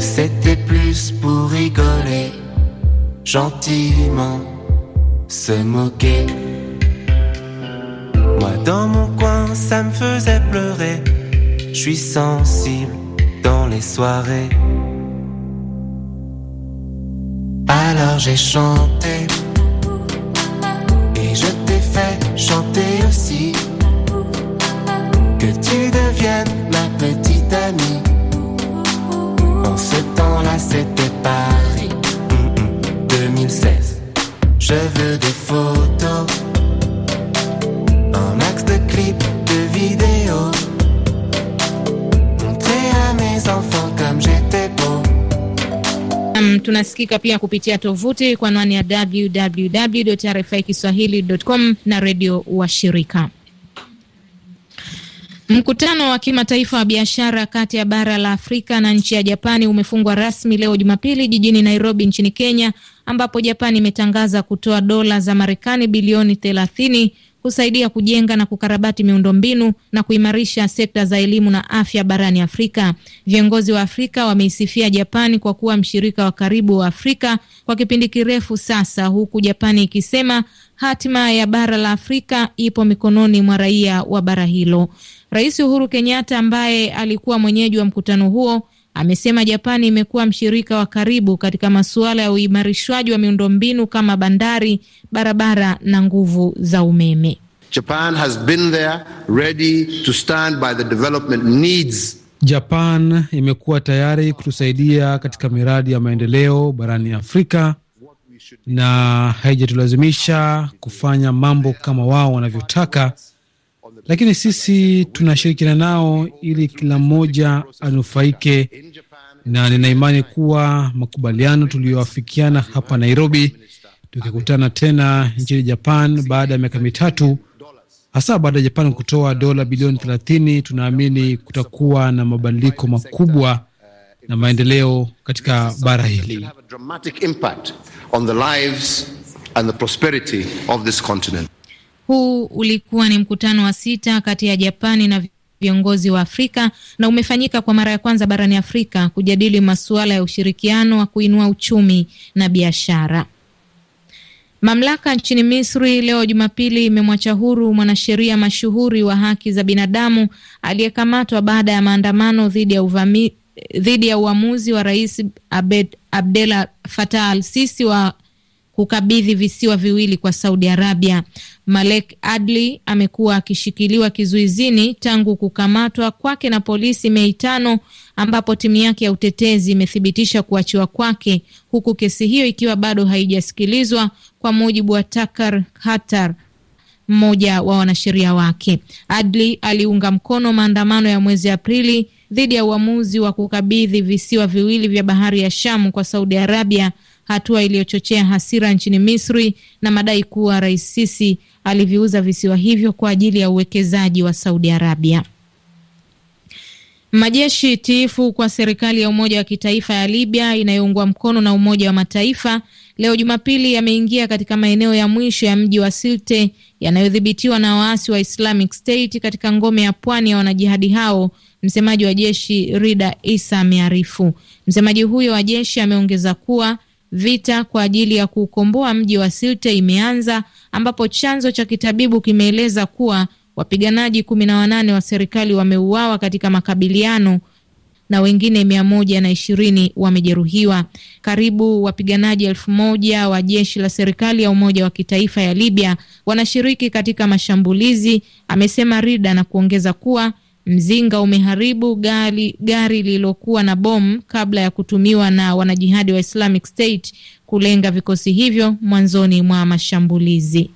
C'était plus pour rigoler, gentiment se moquer. Moi dans mon coin, ça me faisait pleurer. Je suis sensible dans les soirées. Alors j'ai chanté et je t'ai fait chanter aussi. Paris 2016. Je veux des photos, un max de clips, de vidéos. Montrer à mes enfants comme j'étais beau. Um, pia kupitia tovuti kwa anwani na Mkutano wa kimataifa wa biashara kati ya bara la Afrika na nchi ya Japani umefungwa rasmi leo Jumapili jijini Nairobi nchini Kenya, ambapo Japani imetangaza kutoa dola za Marekani bilioni thelathini kusaidia kujenga na kukarabati miundombinu na kuimarisha sekta za elimu na afya barani Afrika. Viongozi wa Afrika wameisifia Japani kwa kuwa mshirika wa karibu wa Afrika kwa kipindi kirefu sasa, huku Japani ikisema hatima ya bara la Afrika ipo mikononi mwa raia wa bara hilo. Rais Uhuru Kenyatta ambaye alikuwa mwenyeji wa mkutano huo amesema Japani imekuwa mshirika wa karibu katika masuala ya uimarishwaji wa miundombinu kama bandari, barabara na nguvu za umeme. Japan has been there ready to stand by the development needs. Japan imekuwa tayari kutusaidia katika miradi ya maendeleo barani Afrika na haijatulazimisha kufanya mambo kama wao wanavyotaka lakini sisi tunashirikiana nao ili kila mmoja anufaike, na nina imani kuwa makubaliano tuliyoafikiana hapa Nairobi, tukikutana tena nchini Japan baada ya miaka mitatu, hasa baada ya Japan kutoa dola bilioni thelathini, tunaamini kutakuwa na mabadiliko makubwa na maendeleo katika bara hili. Huu ulikuwa ni mkutano wa sita kati ya Japani na viongozi wa Afrika na umefanyika kwa mara ya kwanza barani Afrika kujadili masuala ya ushirikiano wa kuinua uchumi na biashara. Mamlaka nchini Misri leo Jumapili imemwacha huru mwanasheria mashuhuri wa haki za binadamu aliyekamatwa baada ya maandamano dhidi ya uvami, dhidi ya uamuzi wa Rais Abed, Abdela Fatah al-Sisi wa kukabidhi visiwa viwili kwa Saudi Arabia. Malek Adli amekuwa akishikiliwa kizuizini tangu kukamatwa kwake na polisi Mei tano, ambapo timu yake ya utetezi imethibitisha kuachiwa kwake, huku kesi hiyo ikiwa bado haijasikilizwa kwa mujibu wa Takar Hatar, mmoja wa wanasheria wake. Adli aliunga mkono maandamano ya mwezi Aprili dhidi ya uamuzi wa kukabidhi visiwa viwili vya bahari ya Shamu kwa Saudi Arabia hatua iliyochochea hasira nchini Misri na madai kuwa Rais Sisi aliviuza visiwa hivyo kwa ajili ya uwekezaji wa Saudi Arabia. Majeshi tiifu kwa serikali ya Umoja wa Kitaifa ya Libya inayoungwa mkono na Umoja wa Mataifa leo Jumapili yameingia katika maeneo ya mwisho ya mji wa Silte yanayodhibitiwa na waasi wa Islamic State katika ngome ya pwani ya wanajihadi hao. Msemaji wa jeshi Rida Isa amearifu. Msemaji huyo wa jeshi ameongeza kuwa Vita kwa ajili ya kuukomboa mji wa Sirte imeanza ambapo chanzo cha kitabibu kimeeleza kuwa wapiganaji kumi na wanane wa serikali wameuawa katika makabiliano na wengine mia moja na ishirini wamejeruhiwa. Karibu wapiganaji elfu moja wa jeshi la serikali ya Umoja wa Kitaifa ya Libya wanashiriki katika mashambulizi, amesema Rida na kuongeza kuwa Mzinga umeharibu gari, gari lililokuwa na bomu kabla ya kutumiwa na wanajihadi wa Islamic State kulenga vikosi hivyo mwanzoni mwa mashambulizi.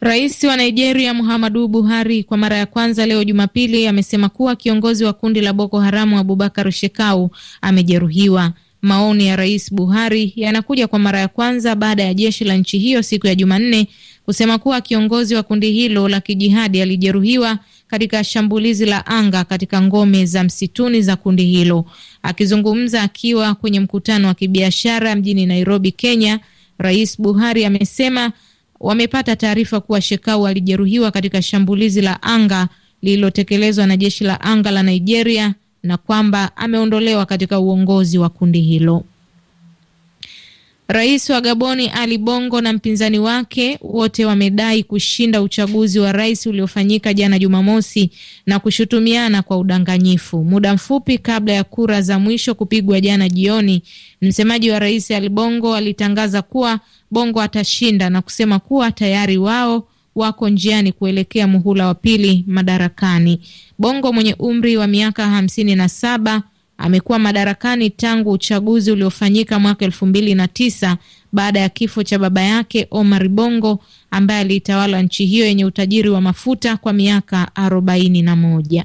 Rais wa Nigeria Muhammadu Buhari kwa mara ya kwanza leo Jumapili amesema kuwa kiongozi wa kundi la Boko Haramu Abubakar Shekau amejeruhiwa. Maoni ya Rais Buhari yanakuja kwa mara ya kwanza baada ya jeshi la nchi hiyo siku ya Jumanne kusema kuwa kiongozi wa kundi hilo la kijihadi alijeruhiwa katika shambulizi la anga katika ngome za msituni za kundi hilo. Akizungumza akiwa kwenye mkutano wa kibiashara mjini Nairobi, Kenya, Rais Buhari amesema wamepata taarifa kuwa Shekau alijeruhiwa katika shambulizi la anga lililotekelezwa na jeshi la anga la Nigeria na kwamba ameondolewa katika uongozi wa kundi hilo. Rais wa Gaboni Ali Bongo na mpinzani wake wote wamedai kushinda uchaguzi wa rais uliofanyika jana Jumamosi na kushutumiana kwa udanganyifu. Muda mfupi kabla ya kura za mwisho kupigwa jana jioni, msemaji wa rais Ali Bongo alitangaza kuwa Bongo atashinda na kusema kuwa tayari wao wako njiani kuelekea muhula wa pili madarakani. Bongo mwenye umri wa miaka hamsini na saba amekuwa madarakani tangu uchaguzi uliofanyika mwaka elfu mbili na tisa baada ya kifo cha baba yake Omar Bongo ambaye aliitawala nchi hiyo yenye utajiri wa mafuta kwa miaka arobaini na moja.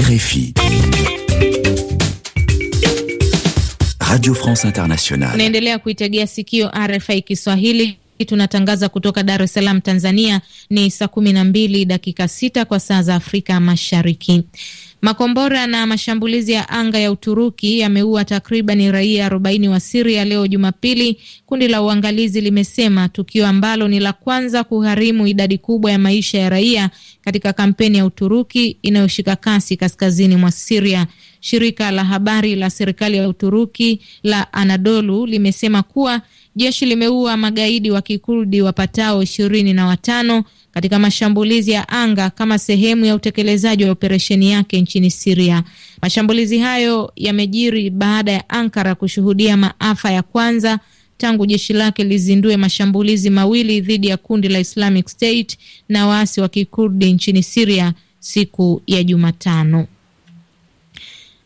RFI Radio France Internationale. Unaendelea kuitegea sikio RFI Kiswahili Tunatangaza kutoka Dar es Salaam, Tanzania. Ni saa kumi na mbili dakika sita kwa saa za Afrika Mashariki. Makombora na mashambulizi ya anga ya Uturuki yameua takriban raia 40 wa Siria leo Jumapili, kundi la uangalizi limesema, tukio ambalo ni la kwanza kugharimu idadi kubwa ya maisha ya raia katika kampeni ya Uturuki inayoshika kasi kaskazini mwa Siria. Shirika la habari la serikali ya Uturuki la Anadolu limesema kuwa jeshi limeua magaidi wa kikurdi wapatao ishirini na watano katika mashambulizi ya anga kama sehemu ya utekelezaji wa operesheni yake nchini Siria. Mashambulizi hayo yamejiri baada ya Ankara kushuhudia maafa ya kwanza tangu jeshi lake lizindue mashambulizi mawili dhidi ya kundi la Islamic State na waasi wa kikurdi nchini Siria siku ya Jumatano.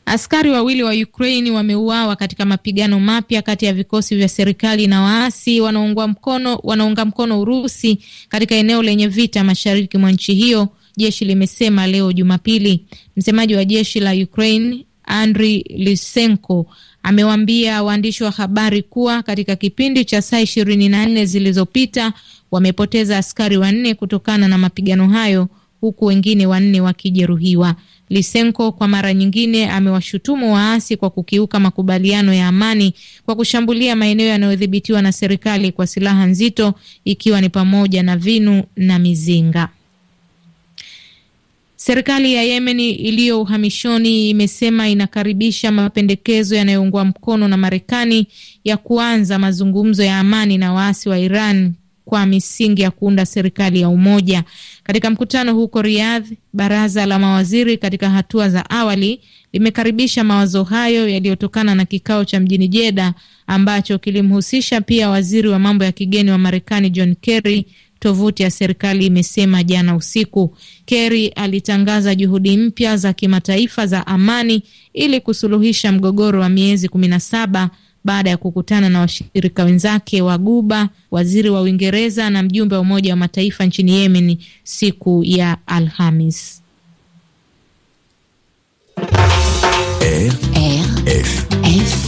Askari wawili wa Ukraini wameuawa katika mapigano mapya kati ya vikosi vya serikali na waasi wanaunga mkono, wanaunga mkono Urusi katika eneo lenye vita mashariki mwa nchi hiyo, jeshi limesema leo Jumapili. Msemaji wa jeshi la Ukraine andri Lisenko amewaambia waandishi wa habari kuwa katika kipindi cha saa ishirini na nne zilizopita wamepoteza askari wanne kutokana na mapigano hayo huku wengine wanne wakijeruhiwa. Lisenko kwa mara nyingine amewashutumu waasi kwa kukiuka makubaliano ya amani kwa kushambulia maeneo yanayodhibitiwa na serikali kwa silaha nzito ikiwa ni pamoja na vinu na mizinga. Serikali ya Yemen iliyo uhamishoni imesema inakaribisha mapendekezo yanayoungwa mkono na Marekani ya kuanza mazungumzo ya amani na waasi wa Iran kwa misingi ya kuunda serikali ya umoja. Katika mkutano huko Riyadh, baraza la mawaziri katika hatua za awali limekaribisha mawazo hayo yaliyotokana na kikao cha mjini jeda ambacho kilimhusisha pia waziri wa mambo ya kigeni wa Marekani John Kerry. Tovuti ya serikali imesema jana usiku, Kerry alitangaza juhudi mpya za kimataifa za amani ili kusuluhisha mgogoro wa miezi kumi na saba baada ya kukutana na washirika wenzake wa Guba, waziri wa Uingereza na mjumbe wa Umoja wa Mataifa nchini Yemen siku ya Alhamis. F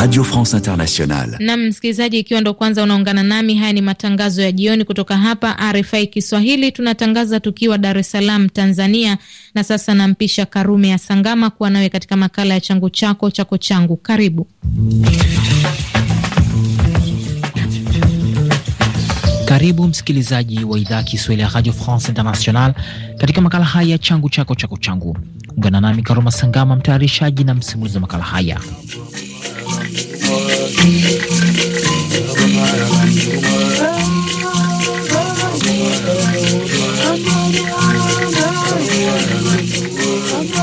Radio France Internationale. Nam msikilizaji, ikiwa ndo kwanza unaungana nami, haya ni matangazo ya jioni kutoka hapa RFI Kiswahili. Tunatangaza tukiwa Dar es Salaam, Tanzania. Na sasa nampisha Karume ya Sangama kuwa nawe katika makala ya changu chako chako changu. Karibu. Karibu msikilizaji wa idhaa ya Kiswahili ya Radio France International katika makala haya ya changu chako chako changu. Ungana nami Karuma Sangama, mtayarishaji na msimulizi wa makala haya.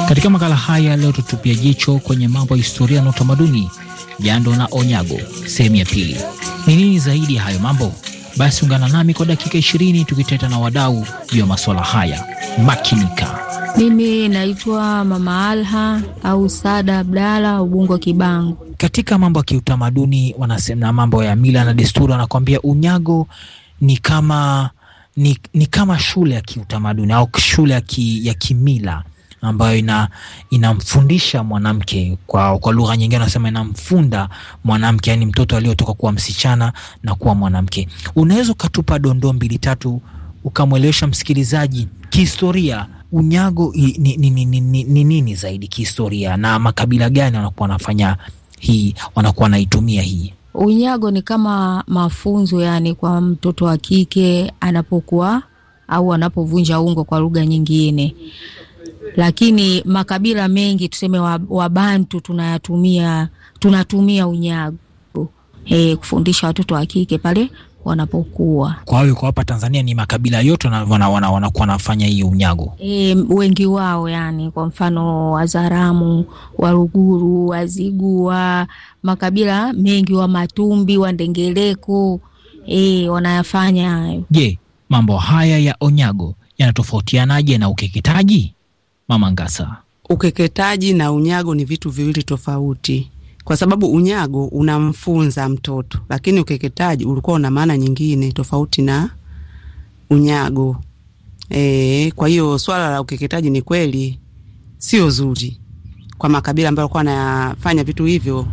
Katika makala haya leo tutupia jicho kwenye mambo ya historia na utamaduni. Jando na Onyago, sehemu ya pili. Ni nini zaidi ya hayo mambo? Basi ungana nami kwa dakika ishirini tukiteta na wadau juu ya masuala haya. Makinika. Mimi naitwa Mama Alha au Sada Abdala Ubungo kibango katika mambo ya kiutamaduni wanasema na mambo ya mila na desturi, wanakwambia unyago ni kama ni, ni kama shule ya kiutamaduni au shule ya, ki, ya kimila ambayo ina inamfundisha mwanamke kwa, kwa lugha nyingine anasema inamfunda mwanamke, yani mtoto aliyotoka kuwa msichana na kuwa mwanamke. Unaweza ukatupa dondoo mbili tatu ukamwelewesha msikilizaji kihistoria unyago ni nini ni, ni, ni, ni, ni, zaidi kihistoria na makabila gani wanakuwa wanafanya hii wanakuwa wanaitumia hii unyago. Ni kama mafunzo yani kwa mtoto wa kike anapokuwa au anapovunja ungo, kwa lugha nyingine lakini makabila mengi tuseme Wabantu tunayatumia tunatumia unyago e, kufundisha watoto wa kike pale wanapokuwa. Kwa hiyo kwa hapa Tanzania ni makabila yote wanakuwa wana, wana, wanafanya hii unyago e, wengi wao yani, kwa mfano Wazaramu, Waruguru, Wazigua, makabila mengi wa Matumbi, wa Ndengeleko e, wanayafanya hayo. Je, mambo haya ya onyago yanatofautianaje na ukeketaji, Mama Ngasa? Ukeketaji na unyago ni vitu viwili tofauti kwa sababu unyago unamfunza mtoto, lakini ukeketaji ulikuwa una maana nyingine tofauti na unyago. E, kwa hiyo swala la ukeketaji ni kweli sio zuri kwa makabila ambayo alikuwa anafanya vitu hivyo,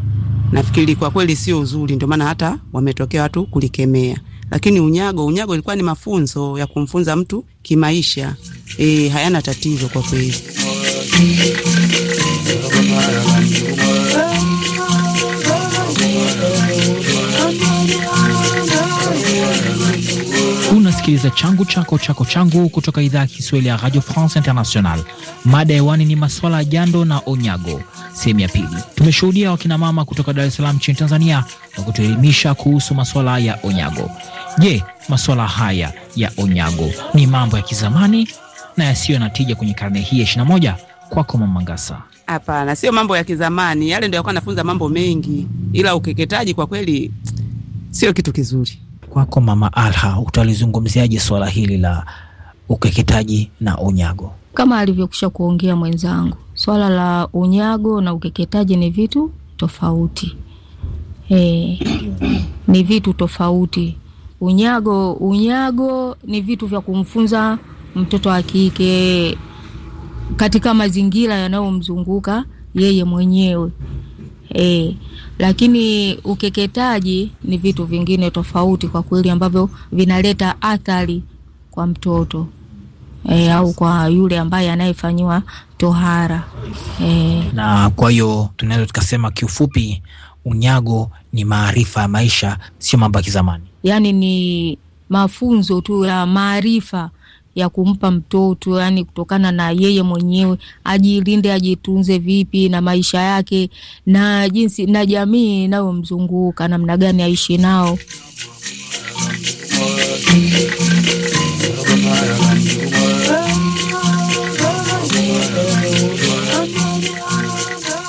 nafikiri kwa kweli sio zuri, ndio maana hata wametokea watu kulikemea. Lakini unyago, unyago ilikuwa ni mafunzo ya kumfunza mtu kimaisha. E, hayana tatizo kwa kweli. unasikiliza changu chako chako changu kutoka idhaa ya Kiswahili ya Radio France International. Mada hewani ni maswala ya jando na unyago. Sehemu ya pili, tumeshuhudia wakinamama kutoka Dar es Salaam nchini Tanzania na kutuelimisha kuhusu maswala ya unyago. Je, maswala haya ya unyago ni mambo ya kizamani na yasiyo na tija kwenye karne hii ya ishirini na moja? Kwako Mama Ngasa. Hapana, sio mambo ya kizamani, yale ndio yakuwa anafunza mambo mengi, ila ukeketaji kwa kweli sio kitu kizuri kwako Mama Alha, utalizungumziaje swala hili la ukeketaji na unyago? Kama alivyokusha kuongea mwenzangu, swala la unyago na ukeketaji ni vitu tofauti. E, ni vitu tofauti. Unyago, unyago ni vitu vya kumfunza mtoto wa kike katika mazingira yanayomzunguka yeye mwenyewe e, lakini ukeketaji ni vitu vingine tofauti kwa kweli ambavyo vinaleta athari kwa mtoto e, au kwa yule ambaye anayefanyiwa tohara e. Na kwa hiyo tunaweza tukasema kiufupi, unyago ni maarifa ya maisha, sio mambo ya kizamani, yaani ni mafunzo tu ya maarifa ya kumpa mtoto, yani kutokana na yeye mwenyewe ajilinde, ajitunze vipi na maisha yake na jinsi na jamii inayomzunguka namna gani aishi nao.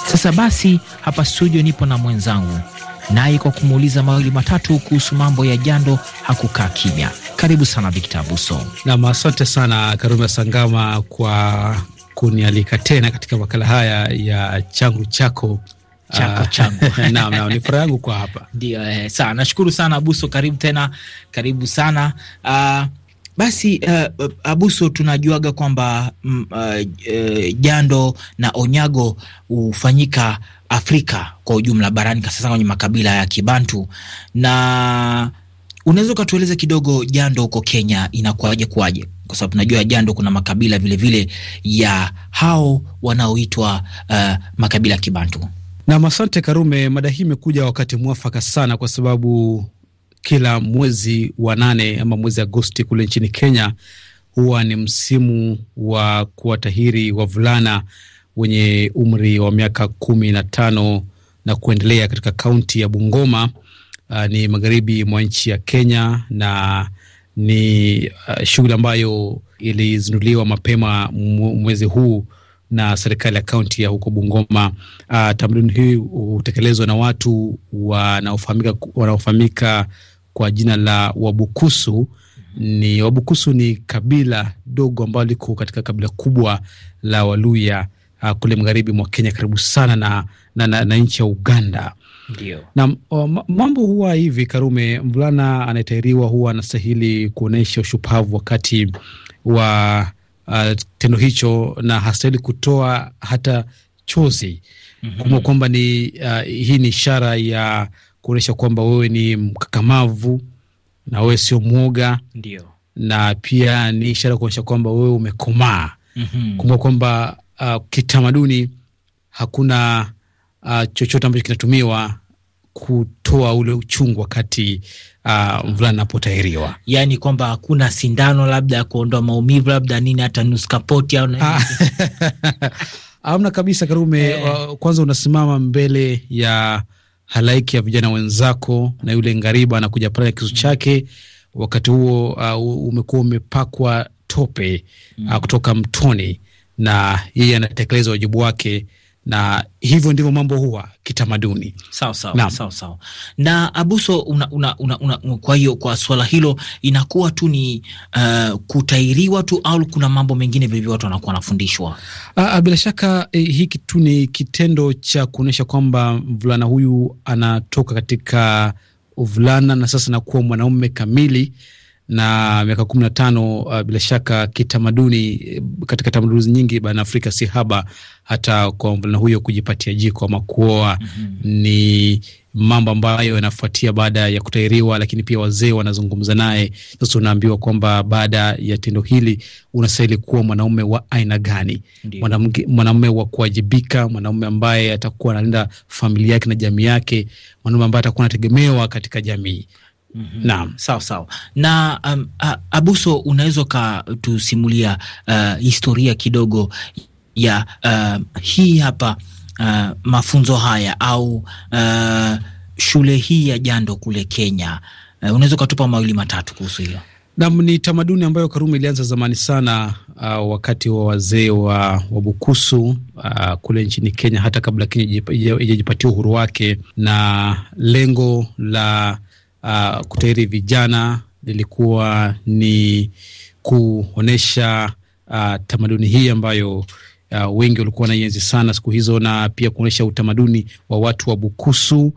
Sasa basi, hapa studio nipo na mwenzangu, naye kwa kumuuliza mawili matatu kuhusu mambo ya jando hakukaa kimya. Karibu sana Victor Abuso. Nam, asante sana Karume Sangama kwa kunialika tena katika makala haya ya changu chako ah, ni furaha yangu kwa hapa ndio. Eh, sawa, nashukuru sana Abuso, karibu tena, karibu sana uh, basi uh, Abuso, tunajuaga kwamba uh, uh, jando na onyago hufanyika Afrika kwa ujumla barani, kasasa kwenye makabila ya Kibantu na Unaweza ukatueleza kidogo jando huko Kenya inakuwaje kuwaje? Kwa sababu najua jando kuna makabila vilevile vile ya hao wanaoitwa uh, makabila Kibantu. Nam, asante Karume. Mada hii imekuja wakati mwafaka sana, kwa sababu kila mwezi wa nane ama mwezi Agosti kule nchini Kenya huwa ni msimu wa kuwatahiri wavulana wenye umri wa miaka kumi na tano na kuendelea katika kaunti ya Bungoma uh, ni magharibi mwa nchi ya Kenya na ni uh, shughuli ambayo ilizinduliwa mapema mwezi huu na serikali ya kaunti ya huko Bungoma. Uh, tamaduni hii hutekelezwa na watu wanaofahamika wanaofahamika kwa jina la Wabukusu. Ni Wabukusu ni kabila dogo ambalo liko katika kabila kubwa la Waluya uh, kule magharibi mwa Kenya karibu sana na, na, na, na nchi ya Uganda. Na mambo huwa hivi, Karume, mvulana anayetahiriwa huwa anastahili kuonyesha ushupavu wakati wa uh, tendo hicho, na hastahili kutoa hata chozi mm -hmm. kwamba ni uh, hii ni ishara ya kuonyesha kwamba wewe ni mkakamavu na wewe sio mwoga. Ndio. Na pia ni ishara kuonyesha kwamba wewe umekomaa. mm -hmm. Kumbe kwamba uh, kitamaduni hakuna uh, chochote ambacho kinatumiwa kutoa ule uchungu wakati uh, mvulana anapotahiriwa, yaani kwamba hakuna sindano labda ya kuondoa maumivu labda nini, hata nuskapoti au ah. hamna kabisa. Karume eh, uh, kwanza unasimama mbele ya halaiki ya vijana wenzako na yule ngariba anakuja pale na kisu mm. chake, wakati huo uh, umekuwa umepakwa tope mm. uh, kutoka mtoni na yeye anatekeleza wajibu wake na hivyo ndivyo mambo huwa kitamaduni. Sawa sawa sawa sawa. Na Abuso, una, una, una, una, kwa hiyo kwa swala hilo inakuwa tu ni uh, kutairiwa tu au kuna mambo mengine vilivyo watu wanakuwa wanafundishwa? Bila shaka eh, hiki tu ni kitendo cha kuonyesha kwamba mvulana huyu anatoka katika uvulana na sasa anakuwa mwanaume kamili na miaka kumi na tano uh, bila shaka kitamaduni, eh, katika tamaduni nyingi barani Afrika si haba hata kwa mvulana huyo kujipatia jiko ama kuoa. mm -hmm. Ni mambo ambayo yanafuatia baada ya kutairiwa, lakini pia wazee wanazungumza naye. Sasa unaambiwa kwamba baada ya tendo hili unastahili kuwa mwanaume wa aina gani? Mwanaume wa kuwajibika, mwanaume ambaye atakuwa analinda familia yake na jamii yake, mwanaume ambaye atakuwa anategemewa katika jamii. Mm -hmm. Naam, sawa sawa na um, a, Abuso, unaweza ukatusimulia uh, historia kidogo ya uh, hii hapa uh, mafunzo haya au uh, shule hii ya Jando kule Kenya uh, unaweza ukatupa mawili matatu kuhusu hilo? Naam, ni tamaduni ambayo Karume ilianza zamani sana, uh, wakati wa wazee wa Wabukusu uh, kule nchini Kenya, hata kabla Kenya ijajipatia uhuru wake, na lengo la uh, kutahiri vijana lilikuwa ni kuonyesha uh, ah, tamaduni hii ambayo uh, wengi walikuwa naienzi sana siku hizo, na pia kuonyesha utamaduni wa watu wa Bukusu,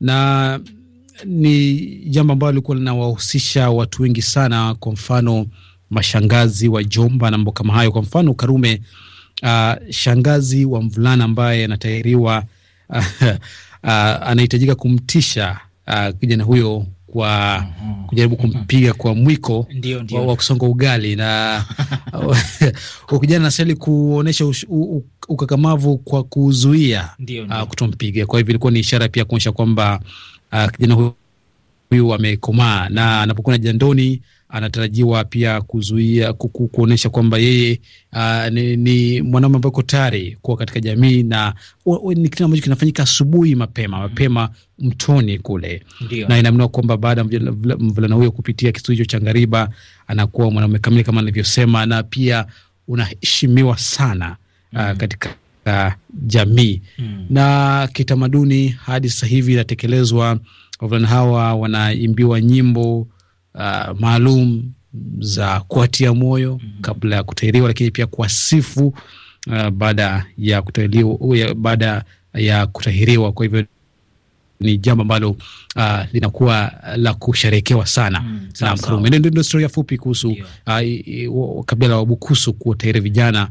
na ni jambo ambalo lilikuwa linawahusisha watu wengi sana, kwa mfano mashangazi, wajomba na mambo kama hayo. Kwa mfano Karume, uh, shangazi wa mvulana ambaye anatahiriwa uh, uh, anahitajika kumtisha uh, kijana huyo kwa mm-hmm. kujaribu kumpiga kwa mwiko ndiyo, ndiyo, wa, wa kusonga ugali na kijana anastahili kuonyesha ukakamavu kwa kuzuia uh, kutompiga. Kwa hivyo ilikuwa ni ishara pia kuonyesha kwamba uh, kijana huyo amekomaa na anapokuwa na jandoni anatarajiwa pia kuzuia kuonyesha kwamba yeye uh, ni, ni mwanaume ambaye uko tayari kuwa katika jamii na ni kitu ambacho kinafanyika asubuhi mapema mm-hmm. mapema mtoni kule Ndiyo. Na inaaminiwa kwamba baada ya mvulana huyo kupitia kitu hicho cha ngariba anakuwa mwanaume kamili kama nilivyosema, na pia unaheshimiwa sana uh, mm. katika uh, jamii mm. na kitamaduni. Hadi sasa hivi inatekelezwa, wavulana hawa wanaimbiwa nyimbo uh, maalum za kuatia moyo mhm. kabla ya kutahiriwa, lakini pia kuwasifu uh, baada ya kutahiriwa, baada ya kutahiriwa. Kwa hivyo ni jambo ambalo uh, linakuwa la kusherekewa sana mm, na Mkarume. Ndio historia fupi kuhusu uh, kabila la Wabukusu kuwatahiri vijana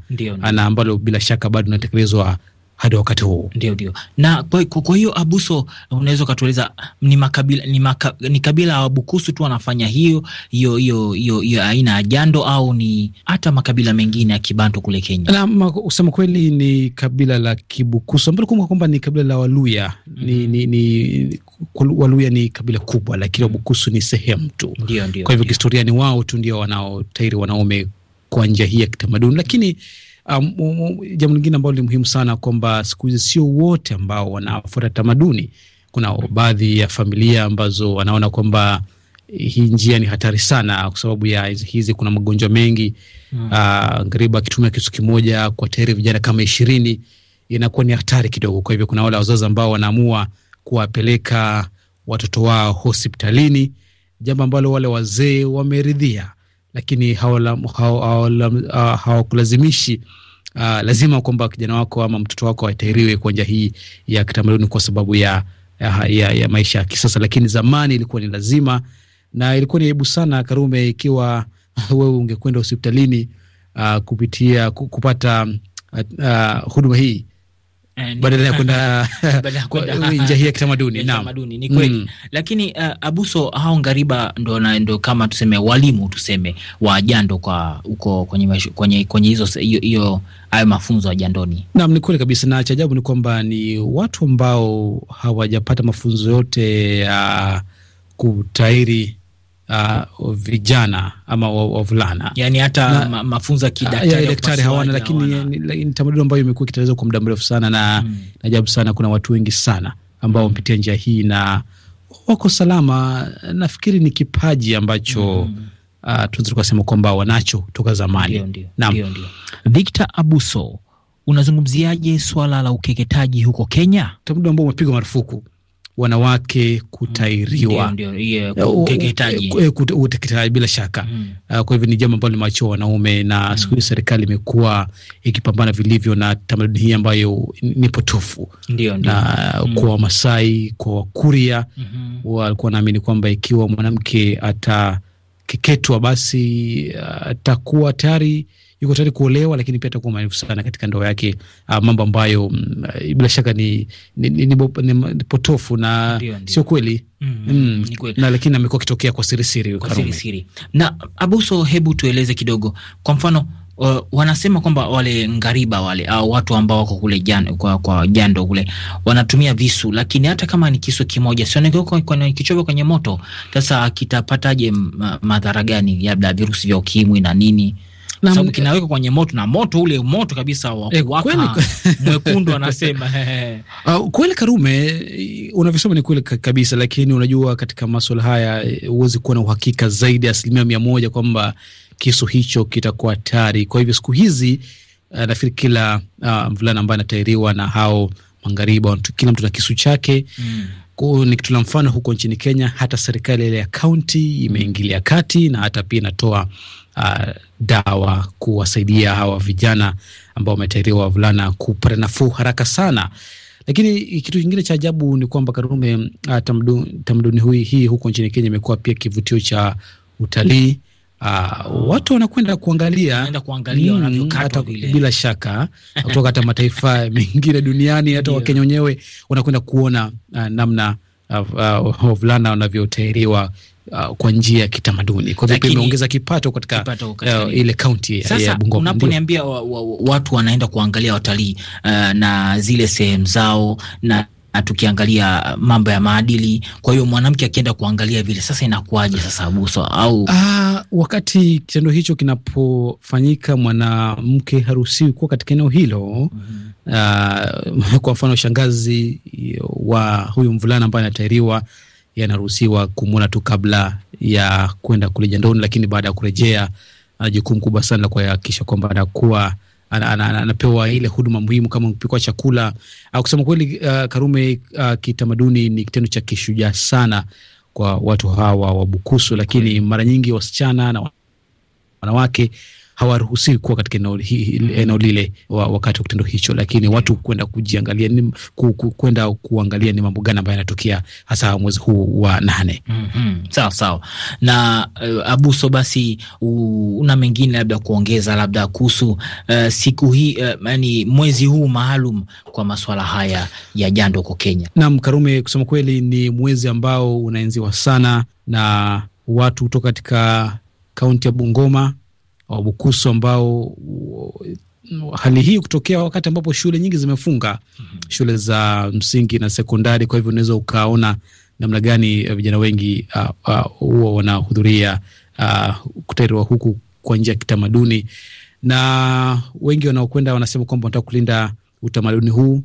na ambalo bila shaka bado inatekelezwa hadi wakati huu. Ndio, ndio. Na kwa hiyo Abuso, unaweza ukatueleza ni makabila ni, maka, ni kabila ya Wabukusu tu wanafanya hiyo hiyo hiyo hiyo aina ya jando au ni hata makabila mengine ya Kibantu kule Kenya? Na usema kweli ni kabila la Kibukusu ambalo kumbuka kwamba ni kabila la Waluya. Mm-hmm. Ni, ni, ni Waluya ni kabila kubwa, lakini mm-hmm. Wabukusu ni sehemu tu. Ndio, ndio. Kwa hivyo historiani wao tu ndio wanaotairi wanaume kwa njia hii ya kitamaduni, lakini mm -hmm um, um, jambo lingine ambalo ni muhimu sana kwamba siku hizi sio wote ambao wanafuata tamaduni. Kuna baadhi ya familia ambazo wanaona kwamba hii njia ni hatari sana kwa sababu ya hizi, kuna magonjwa mengi mm. Uh, ah, ngariba akitumia kitu kimoja kwa tayari vijana kama ishirini inakuwa ni hatari kidogo. Kwa hivyo kuna wale wazazi ambao wanaamua kuwapeleka watoto wao hospitalini, jambo ambalo wale wazee wameridhia lakini ah, hawakulazimishi uh, lazima kwamba kijana wako ama mtoto wako atahiriwe kwa njia hii ya kitamaduni kwa sababu ya, ya, ya, ya maisha ya kisasa, lakini zamani ilikuwa ni lazima na ilikuwa ni aibu sana, Karume, ikiwa wewe ungekwenda hospitalini uh, kupitia kupata uh, uh, huduma hii Eh, badala ya kwenda njia hii ya kitamaduni kitamaduni. Ni kweli mm. Lakini uh, Abuso, hao ngariba ndo, na, ndo kama tuseme walimu tuseme wa jando kwa huko kwenye, kwenye, kwenye hizo hiyo hayo mafunzo ya jandoni. Naam, ni kweli kabisa, na cha ajabu ni kwamba ni watu ambao hawajapata mafunzo yote ya uh, kutairi uh, vijana ama wavulana, yani hata mafunzo ya ah, kidaktari daktari hawana, lakini ni tamaduni ambayo imekuwa ikitekelezwa kwa muda mrefu sana na mm. ajabu sana, kuna watu wengi sana ambao hmm. wamepitia njia hii na wako salama. Nafikiri ni kipaji ambacho mm. uh, tunaweza tukasema kwamba wanacho toka zamani. Naam, Victor Abuso, unazungumziaje swala la ukeketaji huko Kenya, tamaduni ambao umepigwa marufuku wanawake kutairiwa, mm, eh, eh, uteketaji bila shaka mm. Uh, kwa hivyo ni jambo ambalo limewachiwa wanaume na mm. Siku hizi serikali imekuwa ikipambana vilivyo na tamaduni hii ambayo ni potofu Na mm. kwa Wamasai, kwa Wakuria mm -hmm. walikuwa wanaamini kwamba ikiwa mwanamke atakeketwa basi ah, atakuwa uh, tayari yuko tayari kuolewa, lakini pia atakuwa maarufu sana katika ndoa yake, ah, mambo ambayo mm, eh, bila shaka ni, ni, ni, ni, ni, ni potofu na sio kweli. Mm, mm, mm na lakini amekuwa akitokea kwa sirisiri kwa sirisiri. Na Abuso, hebu tueleze kidogo, kwa mfano uh, wanasema kwamba wale ngariba wale au uh, watu ambao wako kule jan, kwa, kwa jando kule wanatumia visu, lakini hata kama ni kisu kimoja sio kichovo kwenye moto, sasa kitapataje madhara gani, labda virusi vya ukimwi na nini? sababu kwenye moto na moto ule moto kabisa wa eh, kuwaka eh, mwekundu anasema uh, kweli Karume, unavyosema ni kweli kabisa, lakini unajua katika maswala haya eh, huwezi kuwa na uhakika zaidi ya asilimia mia moja kwamba kisu hicho kitakuwa hatari. Kwa hivyo siku hizi uh, nafikiri kila uh, mvulana ambaye anatairiwa na hao maghariba, kila mtu na kisu chake mm. Nikitolea mfano huko nchini Kenya, hata serikali ile ya kaunti imeingilia kati na hata pia inatoa uh, dawa kuwasaidia hawa vijana ambao wametahiriwa wavulana kupata nafuu haraka sana. Lakini kitu kingine cha ajabu ni kwamba Karume, ah, tamaduni hui hii huko nchini Kenya imekuwa pia kivutio cha utalii. Uh, watu wanakwenda kuangalia, kuangalia mm, hata bila shaka kutoka hata mataifa mengine duniani hata Wakenya wenyewe wanakwenda kuona uh, namna wavulana uh, uh, wanavyotairiwa uh, kwa njia ya kitamaduni. Kwa hivyo imeongeza kipato katika, kipato uh, ile kaunti ya Bungoma. Unaponiambia wa, wa, watu wanaenda kuangalia watalii uh, na zile sehemu zao na tukiangalia mambo ya maadili. Kwa hiyo mwanamke akienda kuangalia vile sasa inakuwaje sasa Abuso au aa, ah, wakati kitendo hicho kinapofanyika mwanamke haruhusiwi kuwa katika eneo hilo. mm-hmm. Aa, ah, kwa mfano shangazi wa huyu mvulana ambaye anatairiwa yanaruhusiwa kumwona tu kabla ya kwenda kule jandoni, lakini baada ya kurejea ana jukumu kubwa sana la kuhakikisha kwamba anakuwa ana, ana, anapewa ile huduma muhimu kama kupikwa chakula. au ah, kusema kweli uh, Karume, uh, kitamaduni ni kitendo cha kishujaa sana kwa watu hawa Wabukusu, lakini mara nyingi wasichana na wanawake hawaruhusiwi kuwa katika eneo lile wa, wakati wa kitendo hicho, lakini watu kwenda kujiangalia kwenda ku, ku, kuangalia ni mambo gani ambayo yanatokea hasa mwezi huu wa nane. mm -hmm. Sawa sawa na uh, Abuso, basi una mengine labda kuongeza labda kuhusu uh, siku hii uh, eh, yani mwezi huu maalum kwa maswala haya ya jando huko Kenya? Naam, Karume, kusema kweli ni mwezi ambao unaenziwa sana na watu kutoka katika kaunti ya Bungoma Wabukusu uh, ambao uh, hali hii kutokea wakati ambapo shule nyingi zimefunga, mm -hmm. shule za msingi na sekondari. Kwa hivyo unaweza ukaona namna gani uh, vijana wengi huwa uh, uh, wanahudhuria uh, kutairiwa huku kwa njia ya kitamaduni, na wengi wanaokwenda wanasema kwamba wanataka kulinda utamaduni huu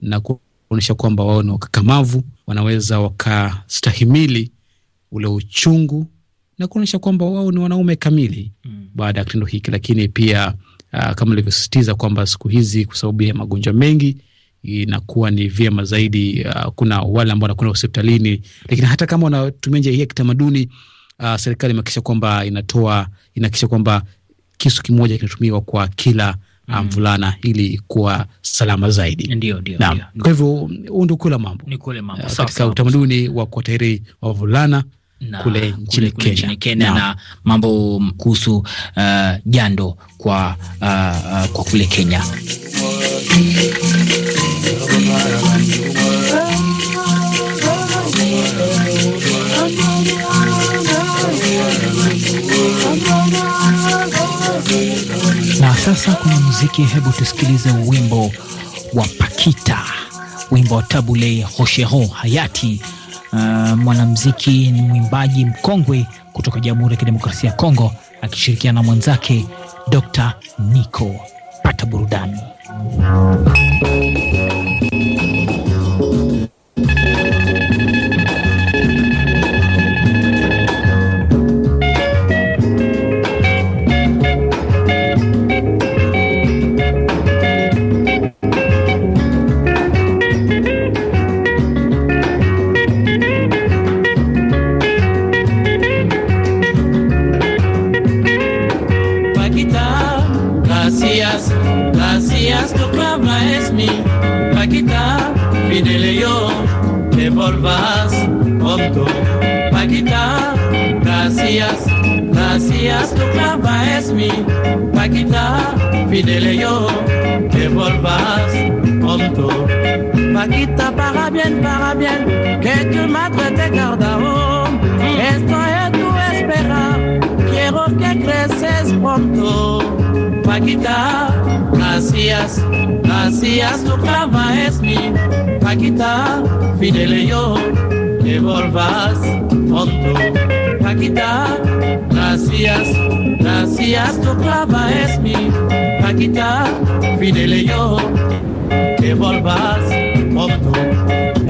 na kuonyesha kwamba wao ni wakakamavu, wanaweza wakastahimili ule uchungu na kuonyesha kwamba wao ni wanaume kamili. mm baada ya kitendo hiki, lakini pia uh, kama ilivyosisitiza kwamba siku hizi kwa sababu ya magonjwa mengi inakuwa ni vyema zaidi uh, kuna wale ambao wanakwenda hospitalini, lakini hata kama wanatumia njia hii ya kitamaduni uh, serikali imehakikisha kwamba inatoa inahakikisha kwamba kisu kimoja kinatumiwa kwa kila mm. mvulana ili kuwa salama zaidi. Ndio, ndio, ndio. Kwa hivyo huu ndio kule mambo, ni kule mambo katika utamaduni wa kuwatahiri wavulana na, kule nchini Kenya, Kenya na mambo kuhusu uh, jando kwa, uh, uh, kwa kule Kenya. Na sasa kuna muziki, hebu tusikilize wimbo wa Pakita, wimbo wa Tabule Hoshero hayati uh, mwanamziki ni mwimbaji mkongwe kutoka Jamhuri ya Kidemokrasia ya Kongo akishirikiana na mwenzake Dr. Nico. Pata burudani. Gracias, gracias, tu clava es mi Paquita, fidele yo, que volvas pronto. Paquita, para bien, para bien, que tu madre te guarda home. Estoy en tu espera, quiero que creces pronto. Paquita, gracias, gracias, tu clava es mi Paquita, fidele yo, que volvas pronto. Paquita. Gracias, gracias, tu clava es mi Paquita. Fidele yo, que volvas pronto.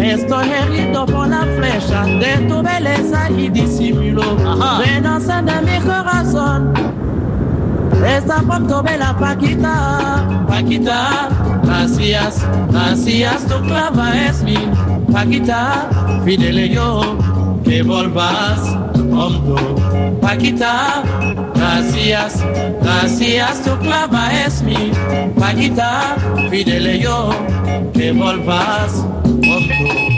Estoy herido por la flecha de tu belleza y disimulo. Renace de mi corazón. Esta pronto bella Paquita, Paquita. Gracias, gracias, tu clava es mi Paquita. Fidele yo, que volvas Omdo, Paquita, gracias, gracias, tu clava es mi, Paquita, pídele yo que volvas, Omdo.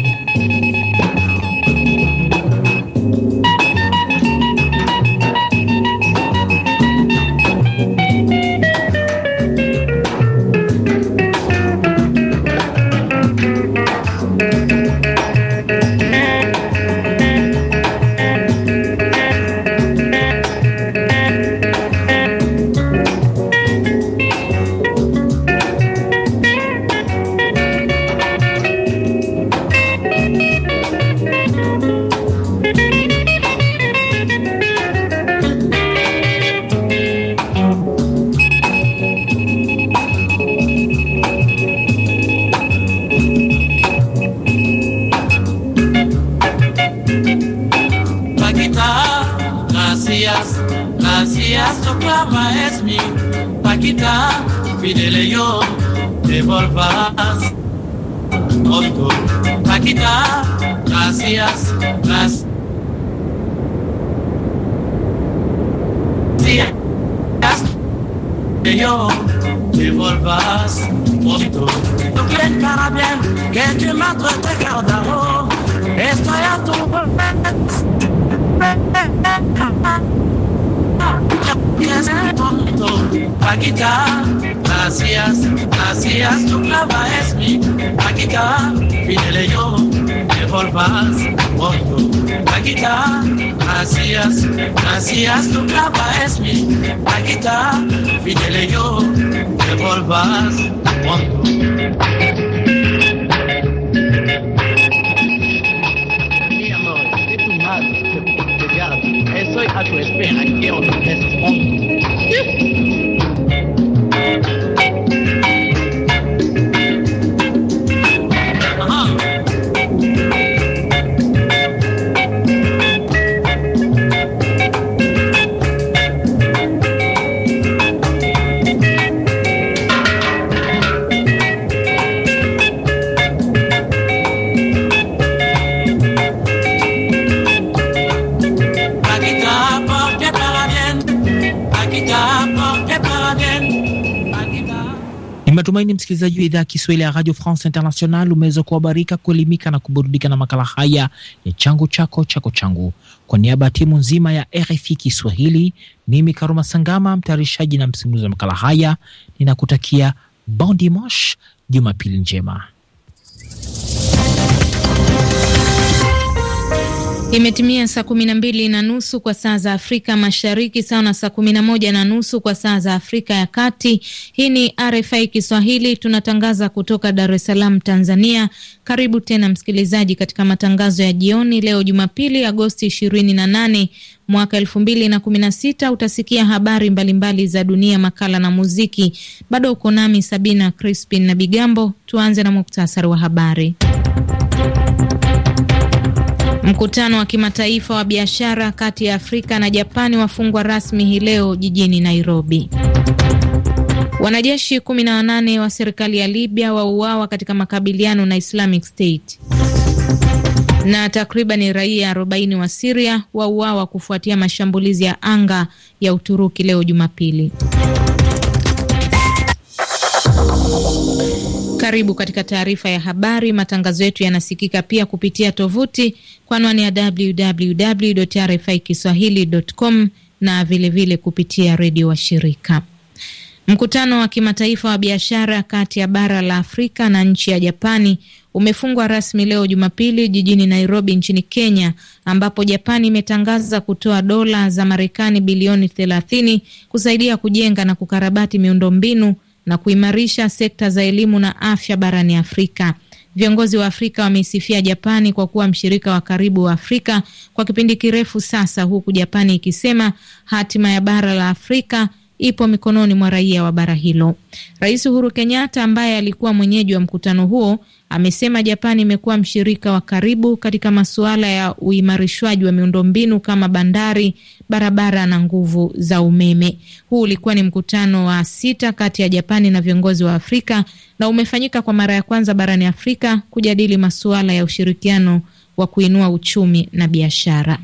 Gracias, gracias. tu clama es mi Paquita, pídele yo, devolvas volvás loco. Paquita, gracias, gracias. Que yo devolvas volvás Tú quieres cara bien, que te mato este cardao. Estoy a tu Paquita, gracias, gracias, tu clava es mi Paquita, pídele yo, me volvás Paquita, gracias, gracias, tu clava es mi Paquita, pídele yo, me volvas I can't the best Natumaini msikilizaji wa idhaa ya Kiswahili ya Radio France International umeweza kuhabarika, kuelimika na kuburudika na makala haya ya changu chako chako changu. Kwa niaba ya timu nzima ya RFI Kiswahili, mimi Karuma Sangama, mtayarishaji na msimulizi wa makala haya, ninakutakia bon dimanche, Jumapili njema. Imetimia saa kumi na mbili na nusu kwa saa za Afrika Mashariki, sawa na saa kumi na moja na nusu kwa saa za Afrika ya Kati. Hii ni RFI Kiswahili, tunatangaza kutoka Dar es Salaam, Tanzania. Karibu tena msikilizaji, katika matangazo ya jioni leo Jumapili, Agosti 28 mwaka elfu mbili na kumi na sita. Utasikia habari mbalimbali mbali za dunia, makala na muziki. Bado uko nami Sabina Crispin na Bigambo. Tuanze na muktasari wa habari. Mkutano wa kimataifa wa biashara kati ya Afrika na Japani wafungwa rasmi hii leo jijini Nairobi. Wanajeshi 18 wa serikali ya Libya wauawa katika makabiliano na Islamic State na takribani raia 40 wa Siria wauawa kufuatia mashambulizi ya anga ya Uturuki leo Jumapili. Karibu katika taarifa ya habari. Matangazo yetu yanasikika pia kupitia tovuti kwa anwani ya www RFI kiswahilicom na vilevile vile kupitia redio wa shirika. Mkutano wa kimataifa wa biashara kati ya bara la Afrika na nchi ya Japani umefungwa rasmi leo Jumapili jijini Nairobi nchini Kenya, ambapo Japani imetangaza kutoa dola za Marekani bilioni 30 kusaidia kujenga na kukarabati miundombinu na kuimarisha sekta za elimu na afya barani Afrika. Viongozi wa Afrika wameisifia Japani kwa kuwa mshirika wa karibu wa Afrika kwa kipindi kirefu sasa, huku Japani ikisema hatima ya bara la Afrika ipo mikononi mwa raia wa bara hilo. Rais Uhuru Kenyatta ambaye alikuwa mwenyeji wa mkutano huo amesema Japani imekuwa mshirika wa karibu katika masuala ya uimarishwaji wa miundombinu kama bandari, barabara na nguvu za umeme. Huu ulikuwa ni mkutano wa sita kati ya Japani na viongozi wa Afrika na umefanyika kwa mara ya kwanza barani Afrika kujadili masuala ya ushirikiano wa kuinua uchumi na biashara.